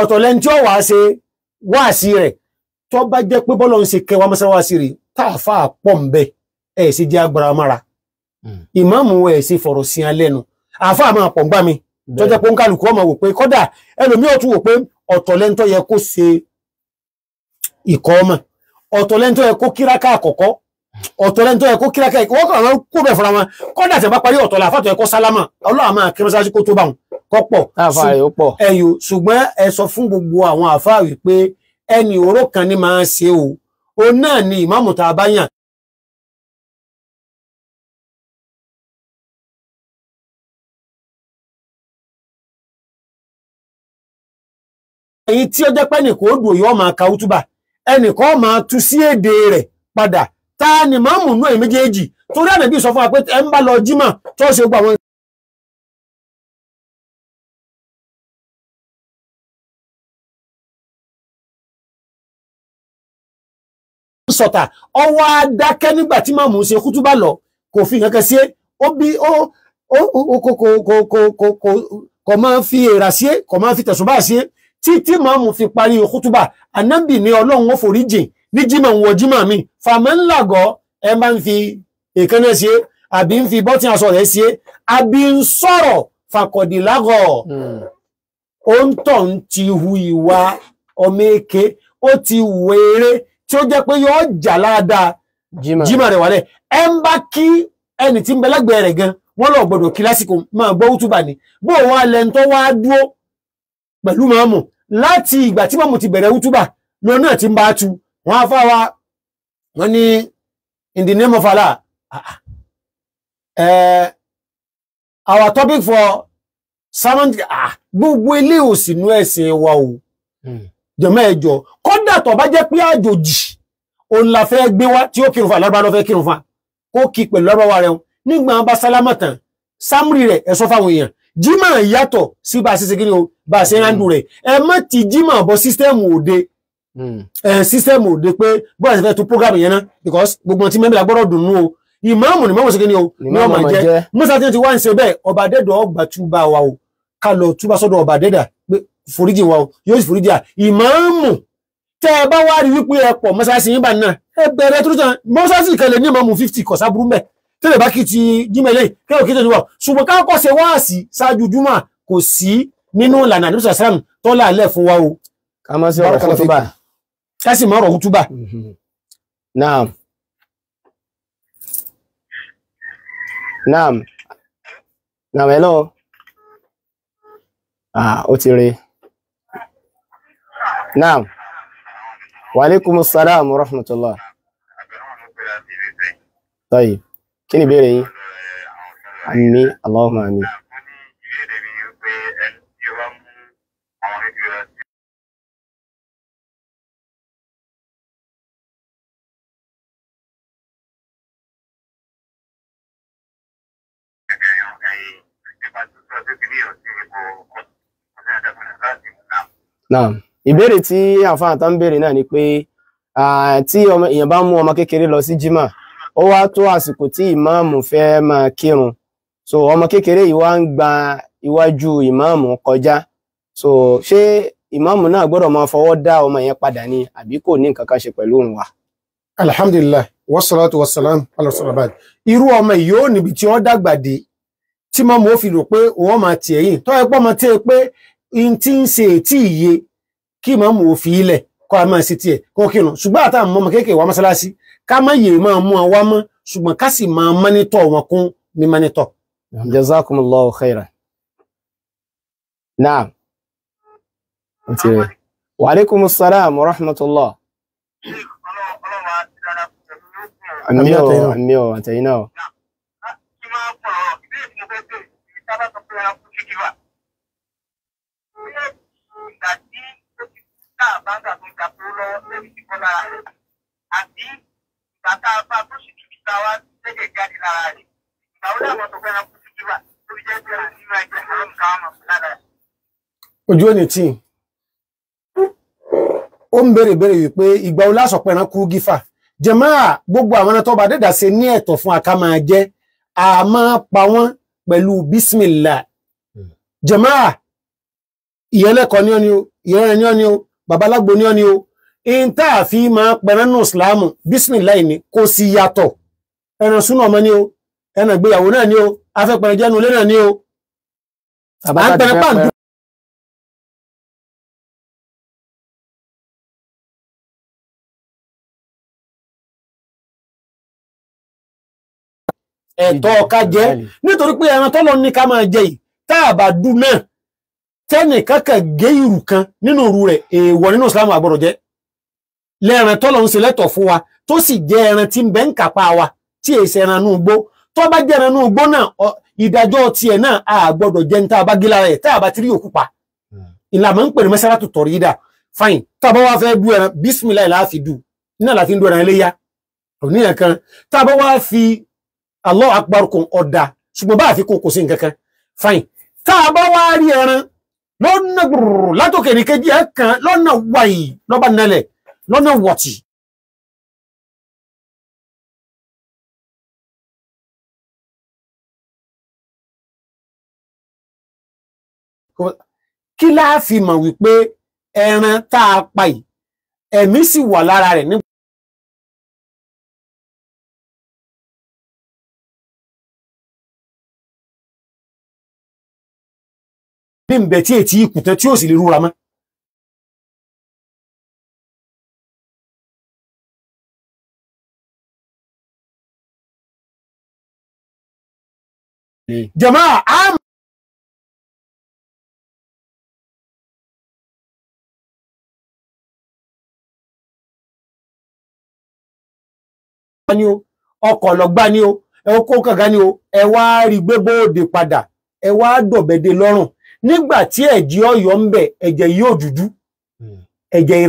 ọ̀tọ̀ lẹ́ni tí ó wàá ṣe wáàsí rẹ̀ tó bá jẹ́ pé bọ́lọ̀ ń ṣe kẹwàá mọ́ṣáláṣí rẹ̀ táàfàá pọ̀ ń bẹ ẹ̀ ṣe jẹ́ agbára mára hmm. ìmáàmù ẹ̀ ṣe fọ̀rọ̀ sí alẹ́nu àáfàá máa pọ̀ ń gbá mi tó jẹ́ pé ó ń kálukú ọmọ wò pé kódà ẹlòmí ò tún wò pé ọ̀tọ̀ lẹ́ńtọ́ yẹ kó ṣe ìkọ́ ọmọ ọ̀tọ̀ lẹ́ńtọ́ yẹ kó kíráká àkọ́kọ́ ọ̀tọ̀ lẹ́ńtọ́ yẹ kó kíráká wọ́n kàn án kó bẹ̀ fúnra wọn kódà tẹ̀ bá parí ọ̀tọ̀ là fàtọ̀ yẹ kó sálámà ọlọ́run máa kó tó bá wọn kọ́ pọ̀ ṣùgbọ́n ẹ sọ fún gbogbo àwọn àfáà wípé ẹni òró kan ní máa ṣe o òun náà ni ìmáàmù tá a bá yàn ẹ̀yin tí ó jẹ́ pé ó dùn yóò máa ka útúbà ẹnìkan ó máa tu sí èdè rẹ̀ padà ta ni máàmù nú ẹ̀yin méjèèjì torí ànàbí sọ fún
wa pé ẹ ń bá lọ jímà tó ṣe gbà wọn.
sọ̀tà ọwọ́ adákẹ́ nígbà lọ kò fi kankan sí e. ó bí ó kò máa fi sí e, títí màmú fi parí kútúbà ànábì ní ọlọ́run ó forí jìn ní jímọ̀ wọ jímọ̀ mi fàmọ́ ńlàgọ́ ẹ máa ń fi èkánná ṣe àbí ń fi bọ́tí aṣọ rẹ̀ ṣe àbí ń sọ̀rọ̀ fàkọ̀dìlágọ̀ hmm. ó ń tọ̀ ń ti hu ìwà ọmọ èké ó ti wéré tí ó jẹ́ pé yóò jà láadáa jímọ̀ rẹ̀ wálẹ̀ ẹ ń bá kí ẹni tí ń bẹ lẹ́gbẹ̀ẹ́ rẹ̀ gan wọ́n lọ gbọ́dọ̀ kí lásìkò máa gbọ́ útúbà ni bó wà lẹ́ńtọ́ wá dúró pẹ̀lú màmù láti ìgbà tí màmù ti bẹ̀rẹ̀ wútúbà lọ náà ti ń bá tu wọn afá wa wọn ní in the name of Allah ah, ah. Eh, our topic for sermon ah, gbogbo ilé òsínú ẹ̀sìn wa o hmm. jẹ̀mọ́ ẹ̀jọ̀ kódà tó bá jẹ́ pé àjòjì òun la fẹ́ gbé wá tí ó kírun fún alábàá lọ́fẹ́ kírun fún kó kí pẹ̀lú lọ́wọ́ rẹ̀ nígbà bá sálámà tán sámúrì fáwọn èèyàn jimá yàtọ̀ sí kí ni o bá a ṣe ń handle rẹ̀ ẹ má ti jímọ̀ bọ sísítẹ́ẹ̀mù òde hmm. sísítẹ́ẹ̀mù òde pé bóyá ti fẹ́ tún program yẹn náà because gbogbo ti mẹ́bìlá gbọ́dọ̀ dùn nú o ìmáàmù ni mọ́mọ́sí kìíní o ní ọmọ jẹ́ musa tí ó ti wá ń ṣe bẹ́ẹ̀ ọba dẹ́dọ̀ ọgbà túbà wa o ká lọ túbà sọ́dọ̀ ọba dẹ́dà pé foríjì wa o yóò sì foríjì à ìmáàmù tẹ́ ẹ bá wá rí wípé ẹ pọ̀ mọ́sáàsì yín bá náà ẹ bẹ̀rẹ̀ tó tán mọ́sáàsì kan lè ní ìmáàmù fifty kọ̀sá burú mẹ́ tẹ́lẹ̀ bá kí ti jímẹ̀lẹ́ kẹ́wọ̀ kí tẹ̀síwọ̀ ṣùgbọ́n ká kọ́ ṣe nínú ìlànà àdúgbò sàsàm tọ́lá alẹ́ fún wa o. ká má sí ọ̀rọ̀ kútúbà. ká sì má ọ̀rọ̀ kútúbà. Mhm. naam
naam naam hello ah o ti rí naam waaleykum salaam wa rahmatulah. tayib kí ni ìbéèrè yín? àmín allahumma àmín. Naam. Ìbéèrè tí àfáà tá ń béèrè náà ni pé tí èèyàn bá mú ọmọ kékeré lọ sí jímà ó wá tó àsìkò tí ìmáàmù fẹ́ máa kírun so ọmọ kékeré yìí wá ń gba iwájú ìmáàmù kọjá so ṣé ìmáàmù náà gbọ́dọ̀ máa fọwọ́ dá ọmọ yẹn padà ni àbí kò ní nǹkan kan ṣe
pẹ̀lú òun wa. Alhamdulillah wasalaatu wasalaam alasalaam irú ọmọ yìí yóò níbi tí wọ́n dàgbà dé tí mọ́mú ó fi rò pé wọ́n máa tiẹ̀ yìí tọ́ ẹ pọ́ máa tiẹ̀ pé n ti ń ṣe ètí ìye kí mọ́mú ó fi ilẹ̀ kọ́ a máa ṣe tiẹ̀ kó kírun ṣùgbọ́n àtàwọn mọ́mọ kéékèèké wa mọ́ṣáláṣí ká má yè máa mú wọn wá mọ́ ṣùgbọ́n ká sì máa mánítọ̀ wọn kún ní mánítọ̀. jazakumullahu khairan. naam
wa alaikumus salam wa rahmatullah. àmì ò àmì ò àtẹ̀yìn náà
sábà sọ pé ẹranko ṣíkì wà. Ilé ìgbà tí ó ti tá a bá ń gbà tó ń gbàgbó lọ́wọ́ lórí ti kọ́ lára rẹ̀. Àbí ìgbà tá a bá tó sì tutù tá a wá lédè jáde lára rẹ̀. Ìgbà wo láwọn sọ pé Ojú ò ní tí ó ń béèrè béèrè wípé ìgbà wo lásọ̀ pẹ̀rán kú gífà jẹ̀máà gbogbo àwọn ẹni bá dẹ́dà ṣe ní ẹ̀tọ́ fún aká máa jẹ́ àmọ́ pa wọ́n pẹ̀lú bísmìlá hmm. jàmáà ìyẹlẹ́kọ̀ ní ọ́ni o ìyẹrẹ ní ọ́ni o babalágbo ní ọ́ni o in tá a fi máa pẹ̀rẹ́nù ìsìláàmù bísmìlá ìní kò sí yàtọ̀ ẹran súnà ọmọ ní o ẹran ìgbéyàwó náà ní o afẹ́pẹ̀rẹ̀ jẹ́nu ẹ̀tọ́ ká jẹ nítorí pé ẹran tọ́lọ ní ká máa jẹ yìí tá a bá dú náà tẹ́nìkan kan gé irú kan nínú irú rẹ̀ èèwọ̀ nínú Islam àgbọ̀dọ̀ jẹ́ lẹ́ran tọ́lọ ń ṣe lẹ́tọ̀ fún wa tó sì jẹ́ ẹran tí ń bẹ́ ń kàpá wa tí èsì ẹran nú igbó tó bá jẹ́ ẹran nú igbó náà ìdájọ́ tiẹ̀ náà a gbọ́dọ̀ jẹ́ ní tá a bá gé lára ẹ̀ tá a bá ti rí òkú pa hmm. ìlànà ń pè ní mẹ́sàrátù tọ̀rí dà fine tá a bá wá fẹ́ du ẹran bísímìlá ìlà àfi du iná láti ń du ẹran ẹlẹ́yà òníyàn kan tá a bá wá fi Allah akbar kò ọ̀dà ṣùgbọ́n bá àfikún kò sí nǹkankan fine tá a bá wá rí ẹran lọ́nà gbùrù látòkè ní kejì ẹ̀ kan lọ́nà wàyí lọ́ba nẹlẹ̀ lọ́nà wọ̀tì.
kí la fi mọ̀ wípé ẹran tá a pa yìí ẹ̀mí sì wà lára rẹ̀ nígbà. bí n bẹ tí ti ìkùtẹ tí ó sì lè rúra mọ́. jama am. o
ọkọ̀ lọ́gbà ni o kó ni o rí padà dọ̀bẹ̀dẹ̀ lọ́rùn nígbà tí ẹ̀jẹ̀ ọ̀yọ́ ń bẹ ẹ̀jẹ̀ yìí ò dúdú hmm. ẹ̀jẹ̀ ìrẹ́.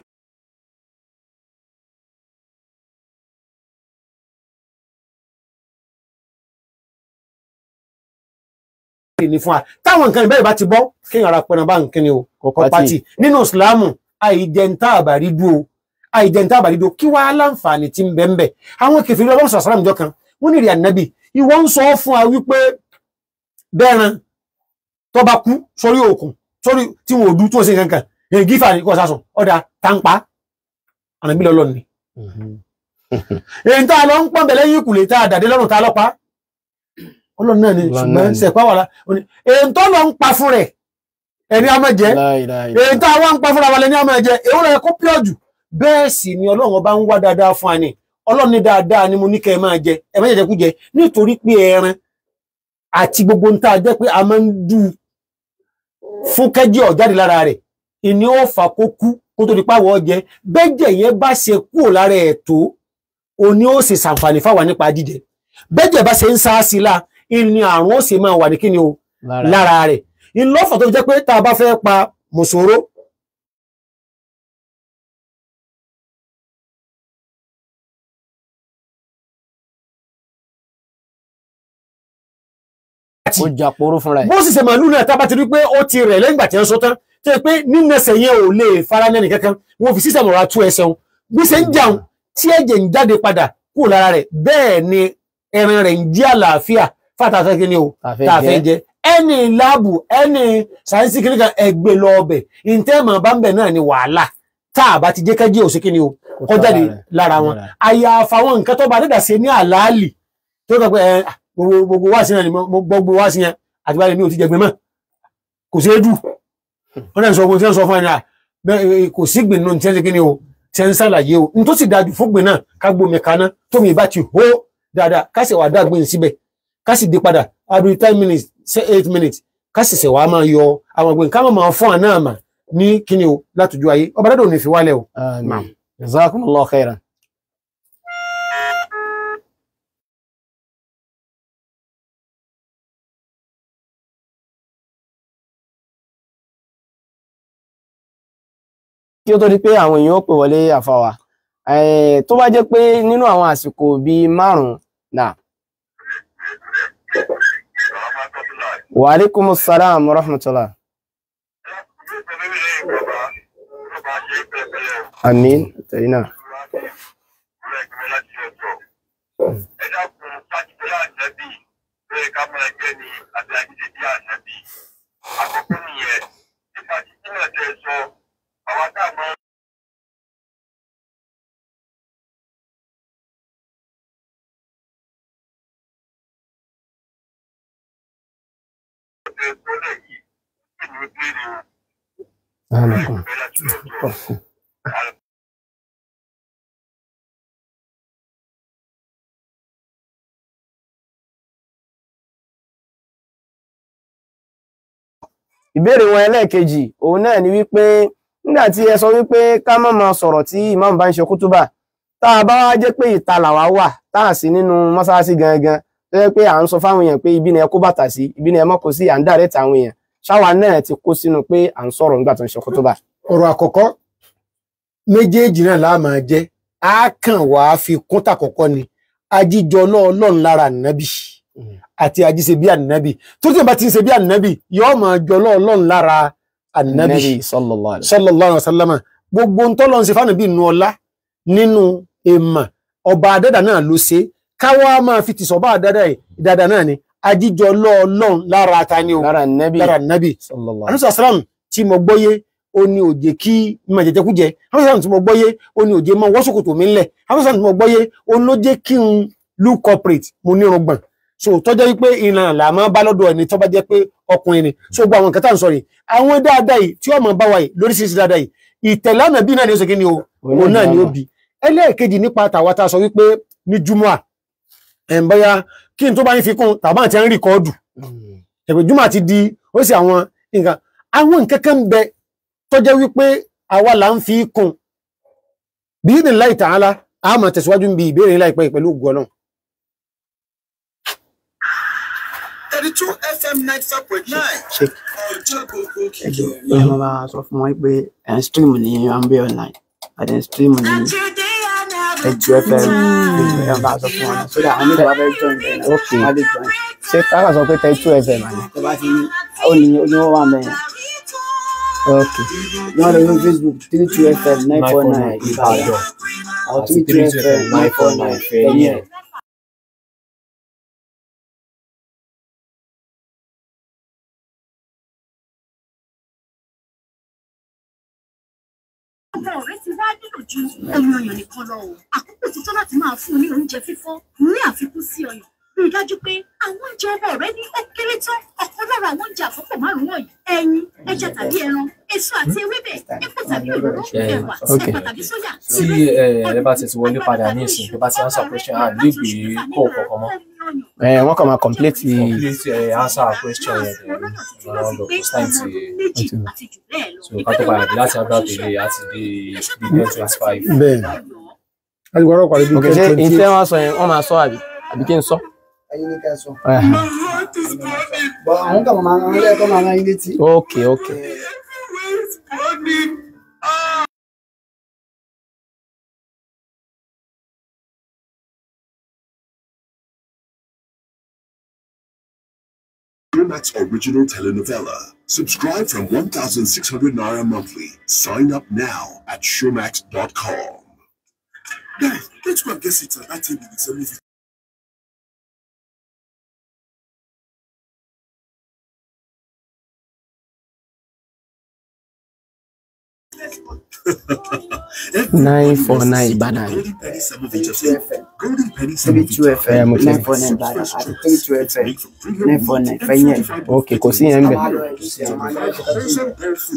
ni fún wa táwọn nǹkan ìbẹ̀rẹ̀ bá ti bọ́ kéèyàn ara pẹran bá nǹkan ni o kọ̀ọ̀kan pátì nínú ìsìláàmù àìjẹ̀ntà àbàrídú o àìjẹ̀ntà àbàrídú kí wá láǹfààní tí ń bẹ ń bẹ àwọn kẹfìrí ọlọ́run sàṣàrà níjọ kan wọ́n ní ìrìn ànábì ìwọ ń sọ fún wa wípé bẹ́ẹ̀ran tó bá kú sórí òkun sórí tí wọn ò dú tí wọn ṣe kankan èyí gífà ní kọ́ sásùn ọ̀dà tàǹpá ànàbí lọ́lọ́ ni. Mm-hmm. èyí tá a lọ ń pọ́n bẹ̀lẹ́ yín kùlé tá a dàdé lọ́rùn tá a lọ́pàá ọlọ́run náà ni ṣùgbọ́n ṣẹ̀pá wà lá èyí tó lọ ń pa fún rẹ̀
ẹni a máa jẹ èyí tá a wá ń pa fúnra wa lẹni a máa
jẹ èwúrọ kó pure jù bẹ́ẹ̀ sì ni Ọlọ́run ọba ń wá dáadáa fún ani Ọlọ́run ní dáadáa ni mo ní kẹ́ ẹ máa jẹ ẹ máa jẹjẹ kú jẹ nítorí pé ẹran àti gbogbo ń tá a jẹ pé a máa ń dú fún kẹ́jẹ́ ọ̀jáde lára rẹ̀ ìní ó fà kó kú kó tó di páwọ̀ jẹ bẹ́jẹ̀ yẹn bá ṣe kúrò lára ẹ̀ tó òní ó sì ṣàǹfààní fáwa nípa jíjẹ bẹ́jẹ̀ bá ṣe ń sá sí la ìní àrùn ó sì máa wà ní kíni o lára rẹ̀ ìlọ́fà tó fi pé tá a bá fẹ́ pa
mùsòrò
pàtì bó sì
ṣe màálù náà tábà ti rí pé ó ti rẹ̀ lẹ́yìn ìgbà tí wọ́n sọ tán tó yẹ pé nínẹsẹ̀ yẹn ò lè fara lẹ́nì kankan wọ́n fi sísẹ̀ mọ̀ra tú ẹsẹ̀ wọn bí ṣe ń jàun tí ẹ̀jẹ̀ ń jáde padà kúrò lára rẹ̀ bẹ́ẹ̀ ni ẹran rẹ̀ ń jí àlàáfíà fàtàfẹ́ kí ni o tàfẹ́ jẹ ẹni láàbù ẹni sáyẹ́nsì kìnìkan ẹgbẹ́ lọ ọbẹ̀ ìtẹ́ẹ̀mọ̀ bá ń bẹ̀ náà ni wàhálà tá a bá ti jẹ́ kẹ́jẹ́ òsì kí ni o kọjá lára wọn àyàfà àwọn nǹkan tó bá dẹ́dà sí ní àlàálì tó kọ pé ẹ gbogbo gbogbo wá sí yẹn ni mo gbogbo wá sí yẹn àti báyìí mi ò ti jẹgbẹ mọ kò sí edu wọn náà sọ fún ọ sọ fún ẹ bẹ́ẹ̀ kò sí gbìn náà tiẹ́ kí ni o tiẹ́ ń ṣàlàyé o n tó sì dájú fún gbìn náà ká gbomi kaná tómi ìbá ti hó dáadáa ká sì wá dá gbìn síbẹ̀ ká sì di padà every ten minutes say eight minutes ká sì sẹ̀ wá máa yọ àwọn gbìn ká máa máa fún àná àmà ní kí ni o látòjú ayé ọba dádò ní fi wálẹ̀ o. jazakumullahu khairan.
kí ó tó di pé àwọn èèyàn ó pè wọlé àfàwà tó bá jẹ́ pé nínú àwọn àsìkò bíi márùn-ún nà. wa alaikumus salam rahmatullah. àmín tẹ̀lé náà.
Àkọ́kọ́ nìyẹn, ìfàṣítí náà tẹ̀ sọ àwa tá a mọ. Amen. ìbéèrè wọn ẹlẹ́ẹ̀kejì
òun náà ni wípé nígbà tí ẹ sọ wípé ká má máa sọ̀rọ̀ tí imam bá ń ṣe kútúbà tá a bá wá jẹ́ pé ìta làwa wà tá à sí nínú mọ́ṣáláṣí gangan tó jẹ́ pé à ń sọ fáwọn èèyàn pé ibi ni ẹ kó bàtà sí ibi ni ẹ mọ́ kó sí à ń dàrẹ́tì àwọn èèyàn ṣáwa náà ti kó sínú pé à ń
sọ̀rọ̀ nígbà tó ń ṣe kútúbà. ọ̀rọ̀ àkọ́kọ́ méjèèjì náà láà máa jẹ́ á kàn wá fi kún ni ajíjọ ọlọ́ọ̀lọ́ọ̀ lára ànábì hmm. àti ajíṣe bí ànábì tó tí wọn bá ti ń ṣe bí ànábì yóò annabi sallallahu alaihi wasallam gbogbo ń tọ́lọ́ sí fánàbí inú ọlá nínú èèmà ọba àdẹ́dà náà ló ṣe káwọ́ a máa fi tìsọ̀bá àdẹ́dà ìdàdà náà ni ajíjọ lọ́ọ̀lọ́n lára ata o lára annabi anúsà sàlám tí mo gbọ́yé ó ní òjè kí ma jẹjẹ kú jẹ anúsà sàlám tí mo gbọ́yé ó ní òjè ma wọ́sùkùtù mi ńlẹ̀ anúsà sàlám tí mo gbọ́yé ó ló jẹ́ kí n look corporate mo ní irun gbọ̀n so tọ́jọ́ wípé ìlànà làmọ́ bá lọ́dọ̀ ẹni tọ́ bá jẹ́ pé ọkùnrin ni so gbogbo àwọn nǹkan tá à ń sọ yìí àwọn dáadáa yìí tí ọmọ bá wa yìí lóríṣiríṣi dáadáa yìí ìtẹ̀lé ànábì náà ni ó ṣe kí ni o òun náà ni ó bi ẹlẹ́ẹ̀kejì nípa tàwa tá a sọ wípé ní júmọ́à ẹ̀ ń bọ́yá kí n tó bá ń fi kún tàbá àti ẹ̀ ń rìkọ́ọ̀dù ẹ̀pẹ̀ júmọ́à ti di ó sì àwọn nǹkan àwọn nǹkan kan bẹ tó wípé àwa là ń fi kún bí ìdìláì tààlà àmọ̀ tẹ̀síwájú ń bi ìbéèrè láìpẹ́ pẹ̀lú ògùn ọlọ́run thirty two fm ninety five point nine ọjọ́ gbogbo kìkì. ẹ ẹ
máa sọ fún wọn pé ẹ ń stream ní ambe online ẹ ń stream ní ẹjọ fm ẹ máa sọ fún wọn so that àwọn ìgbà bẹ join bẹ náà wọn lè join. ṣé kára sọ pé thirty two fm àná. ẹ bá ti ní ó ní ó ní wọn wà mẹyìn. ok ní wọn lọ lórí facebook three two fm nine four nine ìbàdàn àwọn three
two fm nine four nine ẹ̀yìn ẹ̀. ju ẹ̀rù ọyàn nìkan lọ o
àkókò ti tó láti máa fún un ní oúnjẹ fífọ́ ní àfikún sí ọyàn rí i dájú pé àwọn oúnjẹ ọmọ rẹ ní ó kéré tán ọ̀kan lára àwọn oúnjẹ àkókò márùn-ún wọ̀nyí ẹyin ẹja tàbí ẹran
èso àti ewébẹ̀ epo tàbí òróró ẹ̀wà ẹ̀pà tàbí sóyà. tí
ẹ bá ti ti wọlé padà ní ìsìn tó bá ti answer question and leave the mọ́. Eh, wọ́n kàn máa complete the. complete eh, answer question yẹn lọ́wọ́ so ká tó padà láti abúlé àtẹlé àti dé bílíọ̀n twenty five. bẹ́ẹ̀ni láti
gbọ́dọ̀ parí bílíọ̀n twenty five. ìṣe
wọn sọ yẹn wọn máa sọ àbí kí n sọ. ayé ni ká sọ. Eh. ok ok.
Cinemax original telenovela. Subscribe from 1,600 Naira monthly. Sign up now at showmax.com.
Guys, let's go and get it? at that table with
(laughs)
nine four nine bada golden
penny golden penny seven features yeah nine
four nine okay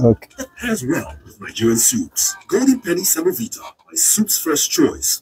okay
as well with Nigerian soups golden penny seven vita my soup's first choice.